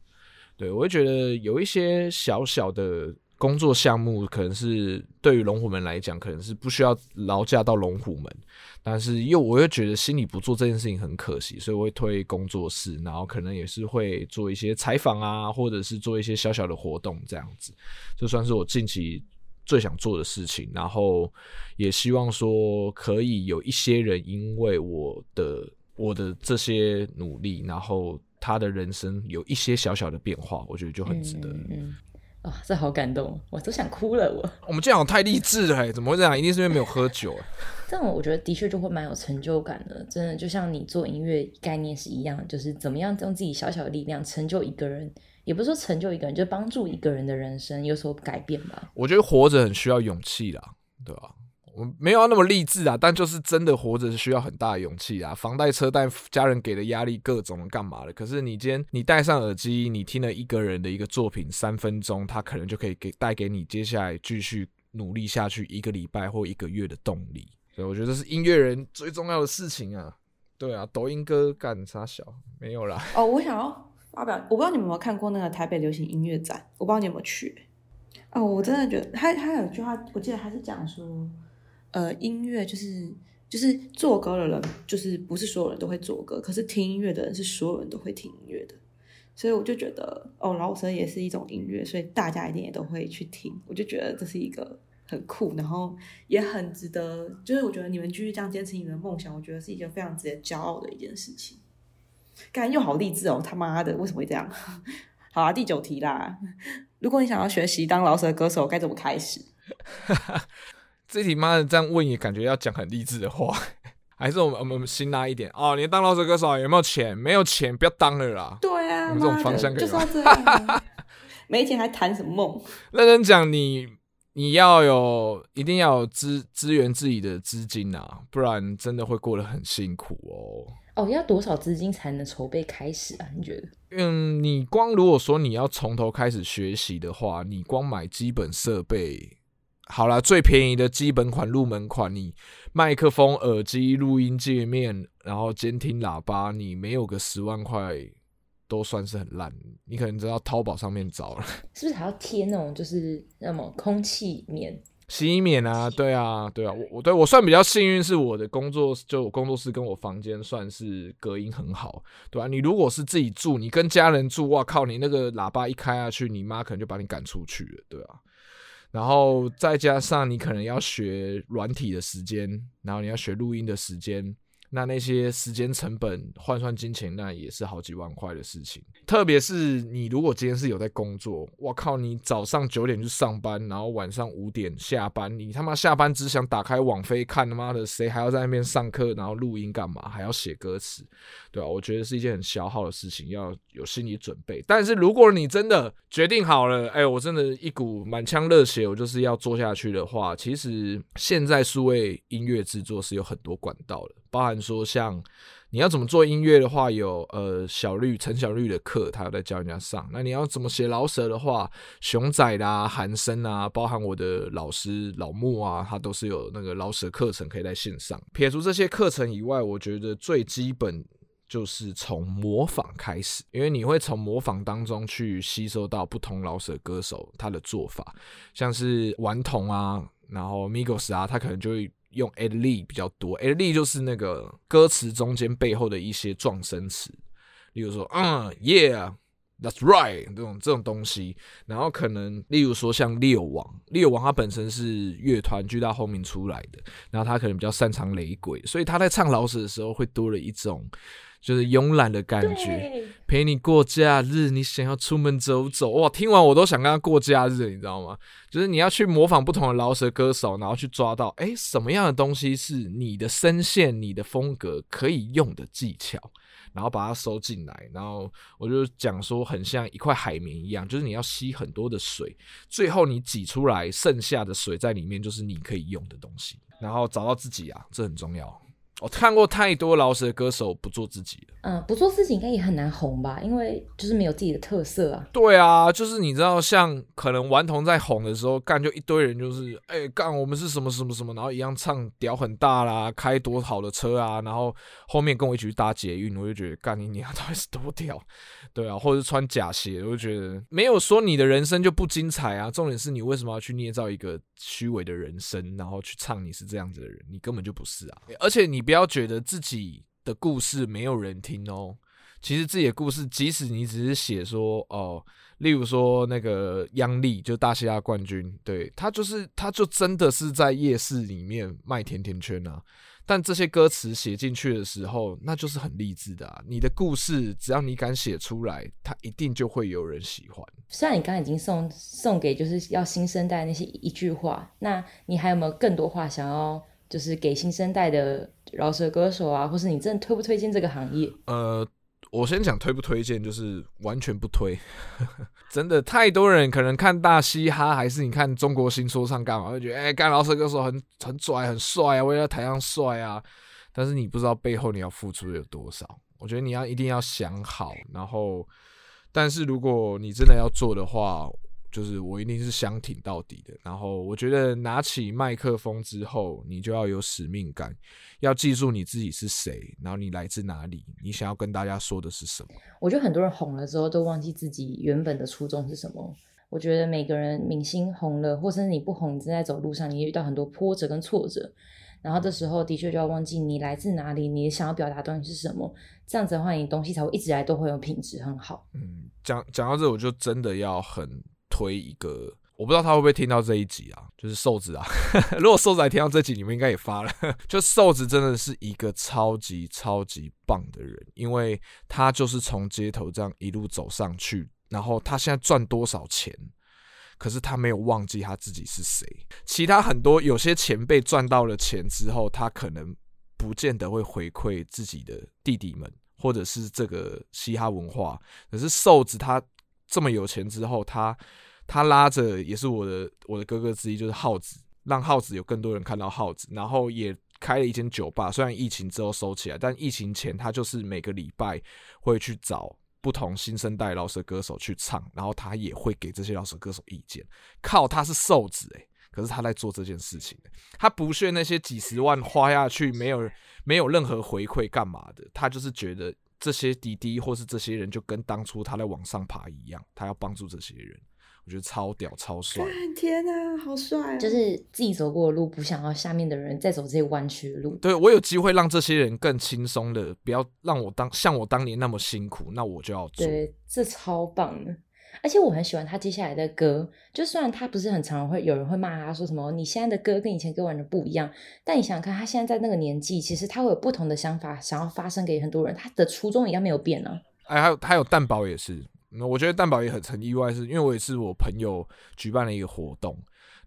對，我會覺得有一些小小的。工作項目，可能是對於龍虎門來講，可能是不需要勞駕到龍虎門，但是又我又覺得心裡不做這件事情很可惜，所以我會推工作室，然後可能也是會做一些採訪啊，或者是做一些小小的活動這樣子，就算是我近期最想做的事情，然後也希望說可以有一些人因為我的我的這些努力，然後他的人生有一些小小的變化，我覺得就很值得。嗯嗯嗯哇、哦，這好感動，我都想哭了。我我們這樣好太勵志了、欸，怎麼會這樣？一定是因為沒有喝酒。這 樣我覺得的確就會蠻有成就感的，真的就像你做音樂概念是一樣，就是怎麼樣用自己小小的力量成就一個人，也不是說成就一個人，就是幫助一個人的人生有所改變吧。我覺得活着很需要勇氣啦，對吧、啊？我沒有那麼勵志啊，但就是真的活着是需要很大的勇氣啊。房貸、車貸、家人給的壓力，各種幹嘛的，可是你今天你戴上耳機，你聽了一個人的一個作品三分鐘，他可能就可以給帶給你接下來繼續努力下去一個禮拜或一個月的動力。所以我覺得這是音樂人最重要的事情啊。對啊，抖音歌幹啥小沒有啦。哦，我想要發表，我不知道你們有沒有看過那個台北流行音樂展，我不知道你有沒有去。哦，我真的覺得他他有一句話，我記得他是講說。呃，音樂就是就是作歌的人，就是不是所有人都會作歌，可是聽音樂的人是所有人都會聽音樂的，所以我就覺得哦，饒舌也是一種音樂，所以大家一定也都會去聽。我就覺得這是一個很酷，然後也很值得，就是我覺得你們繼續這樣堅持你們的夢想，我覺得是一個非常值得驕傲的一件事情。感覺又好勵志哦，他媽的，為什麼會這樣？好啊，第九題啦，如果你想要學習當饒舌的歌手，該怎麼開始？ 自己媽的，這樣問也感覺要講很勵志的話，還是我們我們，我們辛辣一點哦。你當老手歌手有沒有錢？沒有錢不要當了啦。對啊，我們這種方向可以。就是這樣 沒錢還談什麼夢？認真講，你你要有，一定要有資資源自己的資金啊，不然真的會過得很辛苦哦。哦，要多少資金才能籌備開始啊？你覺得？嗯，你光如果說你要從頭開始學習的話，你光買基本設備。好啦，最便宜的基本款入門款，你麥克風、耳機、錄音界面，然後監聽喇叭，你沒有個十萬塊都算是很爛。你可能知道淘寶上面找了，是不是還要貼那種就是那麼空氣棉、吸音棉啊？對啊，對啊。我我對，我算比較幸運，是我的工作就我工作室跟我房間算是隔音很好，對啊。你如果是自己住，你跟家人住，哇靠，你那個喇叭一開下去，你媽可能就把你趕出去了，對啊。然後再加上你可能要學軟體的時間，然後你要學錄音的時間。那那些時間成本換算金錢，那也是好幾萬塊的事情。特別是你如果今天是有在工作，我靠，你早上九點去上班，然後晚上五點下班，你他媽下班只想打開網飛看他媽的，誰還要在那邊上課，然後錄音幹嘛？還要寫歌詞。對啊，我覺得是一件很消耗的事情，要有心理準備。但是如果你真的決定好了，哎，我真的一股滿腔熱血，我就是要做下去的話，其實現在數位音樂製作是有很多管道的。包含說像你要怎麼做音樂的話，有呃小綠、陳小綠的課，他要在教人家上。那你要怎麼寫饒舌的話，熊仔啦、韓森啊，啊、包含我的老師老莫啊，他都是有那個饒舌課程可以在線上。撇除這些課程以外，我覺得最基本就是從模仿開始，因為你會從模仿當中去吸收到不同饒舌歌手他的做法，像是頑童啊，然後 Migos 啊，他可能就會。用 ad lib 比較多，ad lib 就是那個歌詞中間背後的一些狀聲詞，例如說嗯 yeah that's right 這種這種東西，然後可能例如說像 Leo 王，Leo 王他本身是樂團巨大的轟鳴出來的，然後他可能比較擅長雷鬼，所以他在唱饒舌的時候會多了一種。就是慵懶的感覺，陪你過假日。你想要出門走走？哇，聽完我都想跟他過假日，你知道嗎？就是你要去模仿不同的饒舌歌手，然後去抓到誒、欸、什麼樣的東西是你的聲線、你的風格可以用的技巧，然後把它收進來。然後我就講說，很像一塊海綿一樣，就是你要吸很多的水，最後你擠出來剩下的水在裡面，就是你可以用的東西。然後找到自己啊，這很重要。我、哦、看過太多饒舌的歌手不做自己了，嗯，不做自己應該也很難紅吧，因為就是沒有自己的特色啊。對啊，就是你知道，像可能頑童在紅的時候，幹就一堆人就是，哎、欸，幹我們是什麼什麼什麼，然後一樣唱屌很大啦，開多好的車啊，然後後面跟我一起去搭捷運，我就覺得幹你娘到底是多屌？對啊，或者是穿假鞋，我就覺得沒有說你的人生就不精彩啊。重點是你為什麼要去捏造一個虛偽的人生，然後去唱你是這樣子的人，你根本就不是啊，而且你。不要覺得自己的故事沒有人聽哦。其實自己的故事，即使你只是寫說哦、呃，例如說那個央麗，就大西洋冠軍，對他就是，他就真的是在夜市裡面賣甜甜圈啊。但這些歌詞寫進去的時候，那就是很勵志的啊。你的故事，只要你敢寫出來，他一定就會有人喜歡。雖然你剛剛已經送送給就是要新生代那些一句話，那你還有沒有更多話想要？就是給新生代的饒舌歌手啊，或是你真的推不推薦這個行業？呃，我先講推不推薦，就是完全不推。 真的太多人可能看大嘻哈，還是你看中國新說唱幹嘛，會覺得哎，幹饒舌歌手很很拽很帥啊，為了台上帥啊。但是你不知道背後你要付出的有多少，我覺得你要一定要想好。然後，但是如果你真的要做的話。就是我一定是相挺到底的。然後我覺得拿起麥克風之後，你就要有使命感，要記住你自己是誰，然後你來自哪裡，你想要跟大家說的是什麼。我覺得很多人紅了之後都忘記自己原本的初衷是什麼。我覺得每個人明星紅了，或是你不紅你正在走路上，你遇到很多波折跟挫折。然後這時候的確就要忘記你來自哪裡，你想要表達東西是什麼。這樣子的話，你東西才會一直來都會有品質很好。嗯，講講到這，我就真的要很。推一個，我不知道他會不會聽到這一集啊？就是瘦子啊， 如果瘦子還聽到這集，你們應該也發了。 就瘦子真的是一個超級超級棒的人，因為他就是從街頭這樣一路走上去，然後他現在賺多少錢，可是他沒有忘記他自己是誰。其他很多有些前輩賺到了錢之後，他可能不見得會回饋自己的弟弟們，或者是這個嘻哈文化。可是瘦子他這麼有錢之後，他他拉着也是我的我的哥哥之一，就是浩子，讓浩子有更多人看到浩子，然後也開了一間酒吧。雖然疫情之後收起來，但疫情前他就是每個禮拜會去找不同新生代的老師歌手去唱，然後他也會給這些老師歌手意見。靠，他是瘦子誒、欸，可是他在做這件事情、欸、他不屑那些幾十萬花下去沒有沒有任何回饋幹嘛的，他就是覺得這些弟弟或是這些人就跟當初他在往上爬一樣，他要幫助這些人。我覺得超屌，超帥！天啊，好帥啊！就是自己走過的路，不想要下面的人再走這些彎曲的路。對，我有機會讓這些人更輕鬆的，不要讓我當像我當年那麼辛苦，那我就要做。對，這超棒的！而且我很喜歡他接下來的歌，就算他不是很常會有人會罵他說什麼，你現在的歌跟以前歌完全不一樣。但你想想看，他現在在那個年紀，其實他會有不同的想法，想要發聲給很多人。他的初衷一樣沒有變呢。還有還有蛋堡也是。那、嗯、我覺得蛋堡也很很意外是，是因為我也是我朋友舉辦了一個活動，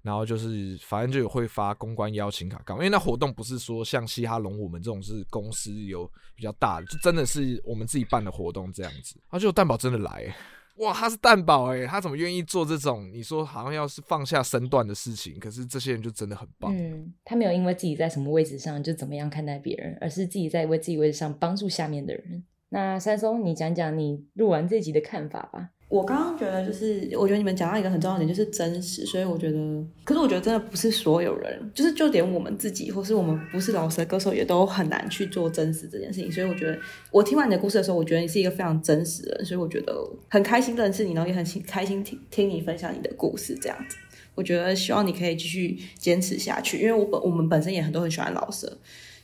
然後就是反正就有會發公關邀請卡，因為那活動不是說像嘻哈龍我們這種是公司有比較大的，就真的是我們自己辦的活動這樣子。然後就蛋堡真的來、欸，哇，他是蛋堡哎、欸，他怎麼願意做這種你說好像要是放下身段的事情？可是這些人就真的很棒，嗯，他沒有因為自己在什麼位置上就怎麼樣看待別人，而是自己在為自己位置上幫助下面的人。那珊菘，你講講你錄完這集的看法吧。我剛剛覺得就是，我覺得你們講到一個很重要的點，就是真實。所以我覺得，可是我覺得真的不是所有人，就是就連我們自己，或是我們不是饒舌的歌手，也都很難去做真實這件事情。所以我覺得，我聽完你的故事的時候，我覺得你是一個非常真實的人，所以我覺得很開心認識你，然後也很開心聽聽你分享你的故事。這樣子，我覺得希望你可以繼續堅持下去，因為我本我們本身也很多人很喜歡饒舌，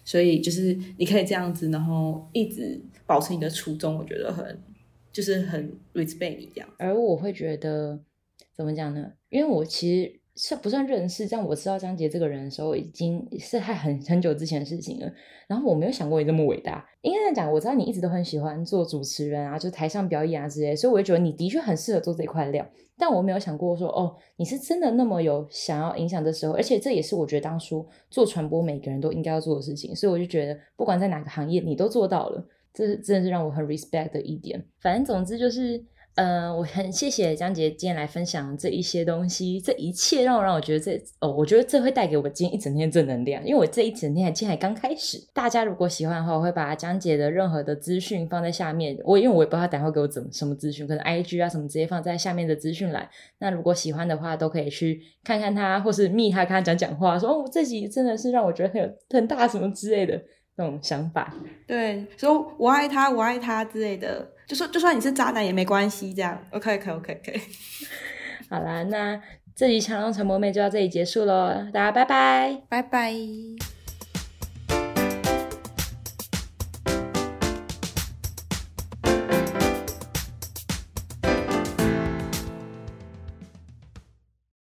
所以就是你可以這樣子，然後一直。保持你的初衷，我覺得很就是很 respect 你這樣。而我會覺得怎麼講呢？因為我其實是不算認識，這我知道姜傑這個人的時候，已經是還很很久之前的事情了。然後我沒有想過你這麼偉大。應該講，我知道你一直都很喜歡做主持人啊，就台上表演啊之類的，所以我就覺得你的確很適合做這塊料。但我沒有想過說，哦，你是真的那麼有想要影響的時候。而且這也是我覺得當初做傳播每個人都應該要做的事情。所以我就覺得，不管在哪個行業，你都做到了。這真的是讓我很 respect 的一點。反正總之就是，嗯、呃，我很謝謝姜傑今天來分享這一些東西，這一切讓我讓我覺得這，哦，我覺得這會帶給我今天一整天正能量。因為我這一整天還才才剛開始。大家如果喜歡的話，我會把姜傑的任何的資訊放在下面。我因為我也不知道他等會給我怎麼什麼資訊，可能 I G 啊什麼直接放在下面的資訊欄。那如果喜歡的話，都可以去看看他，或是密他，跟他講講話。說、哦、這集真的是讓我覺得很有很大什麼之類的。那種想法，對，說我愛他，我愛他之類的，就說就算你是渣男也沒關係，這樣，OK，可以，OK，可以。好啦，那這集《嗆辣傳播妹》就到這裡結束嘍，大家拜拜，拜拜。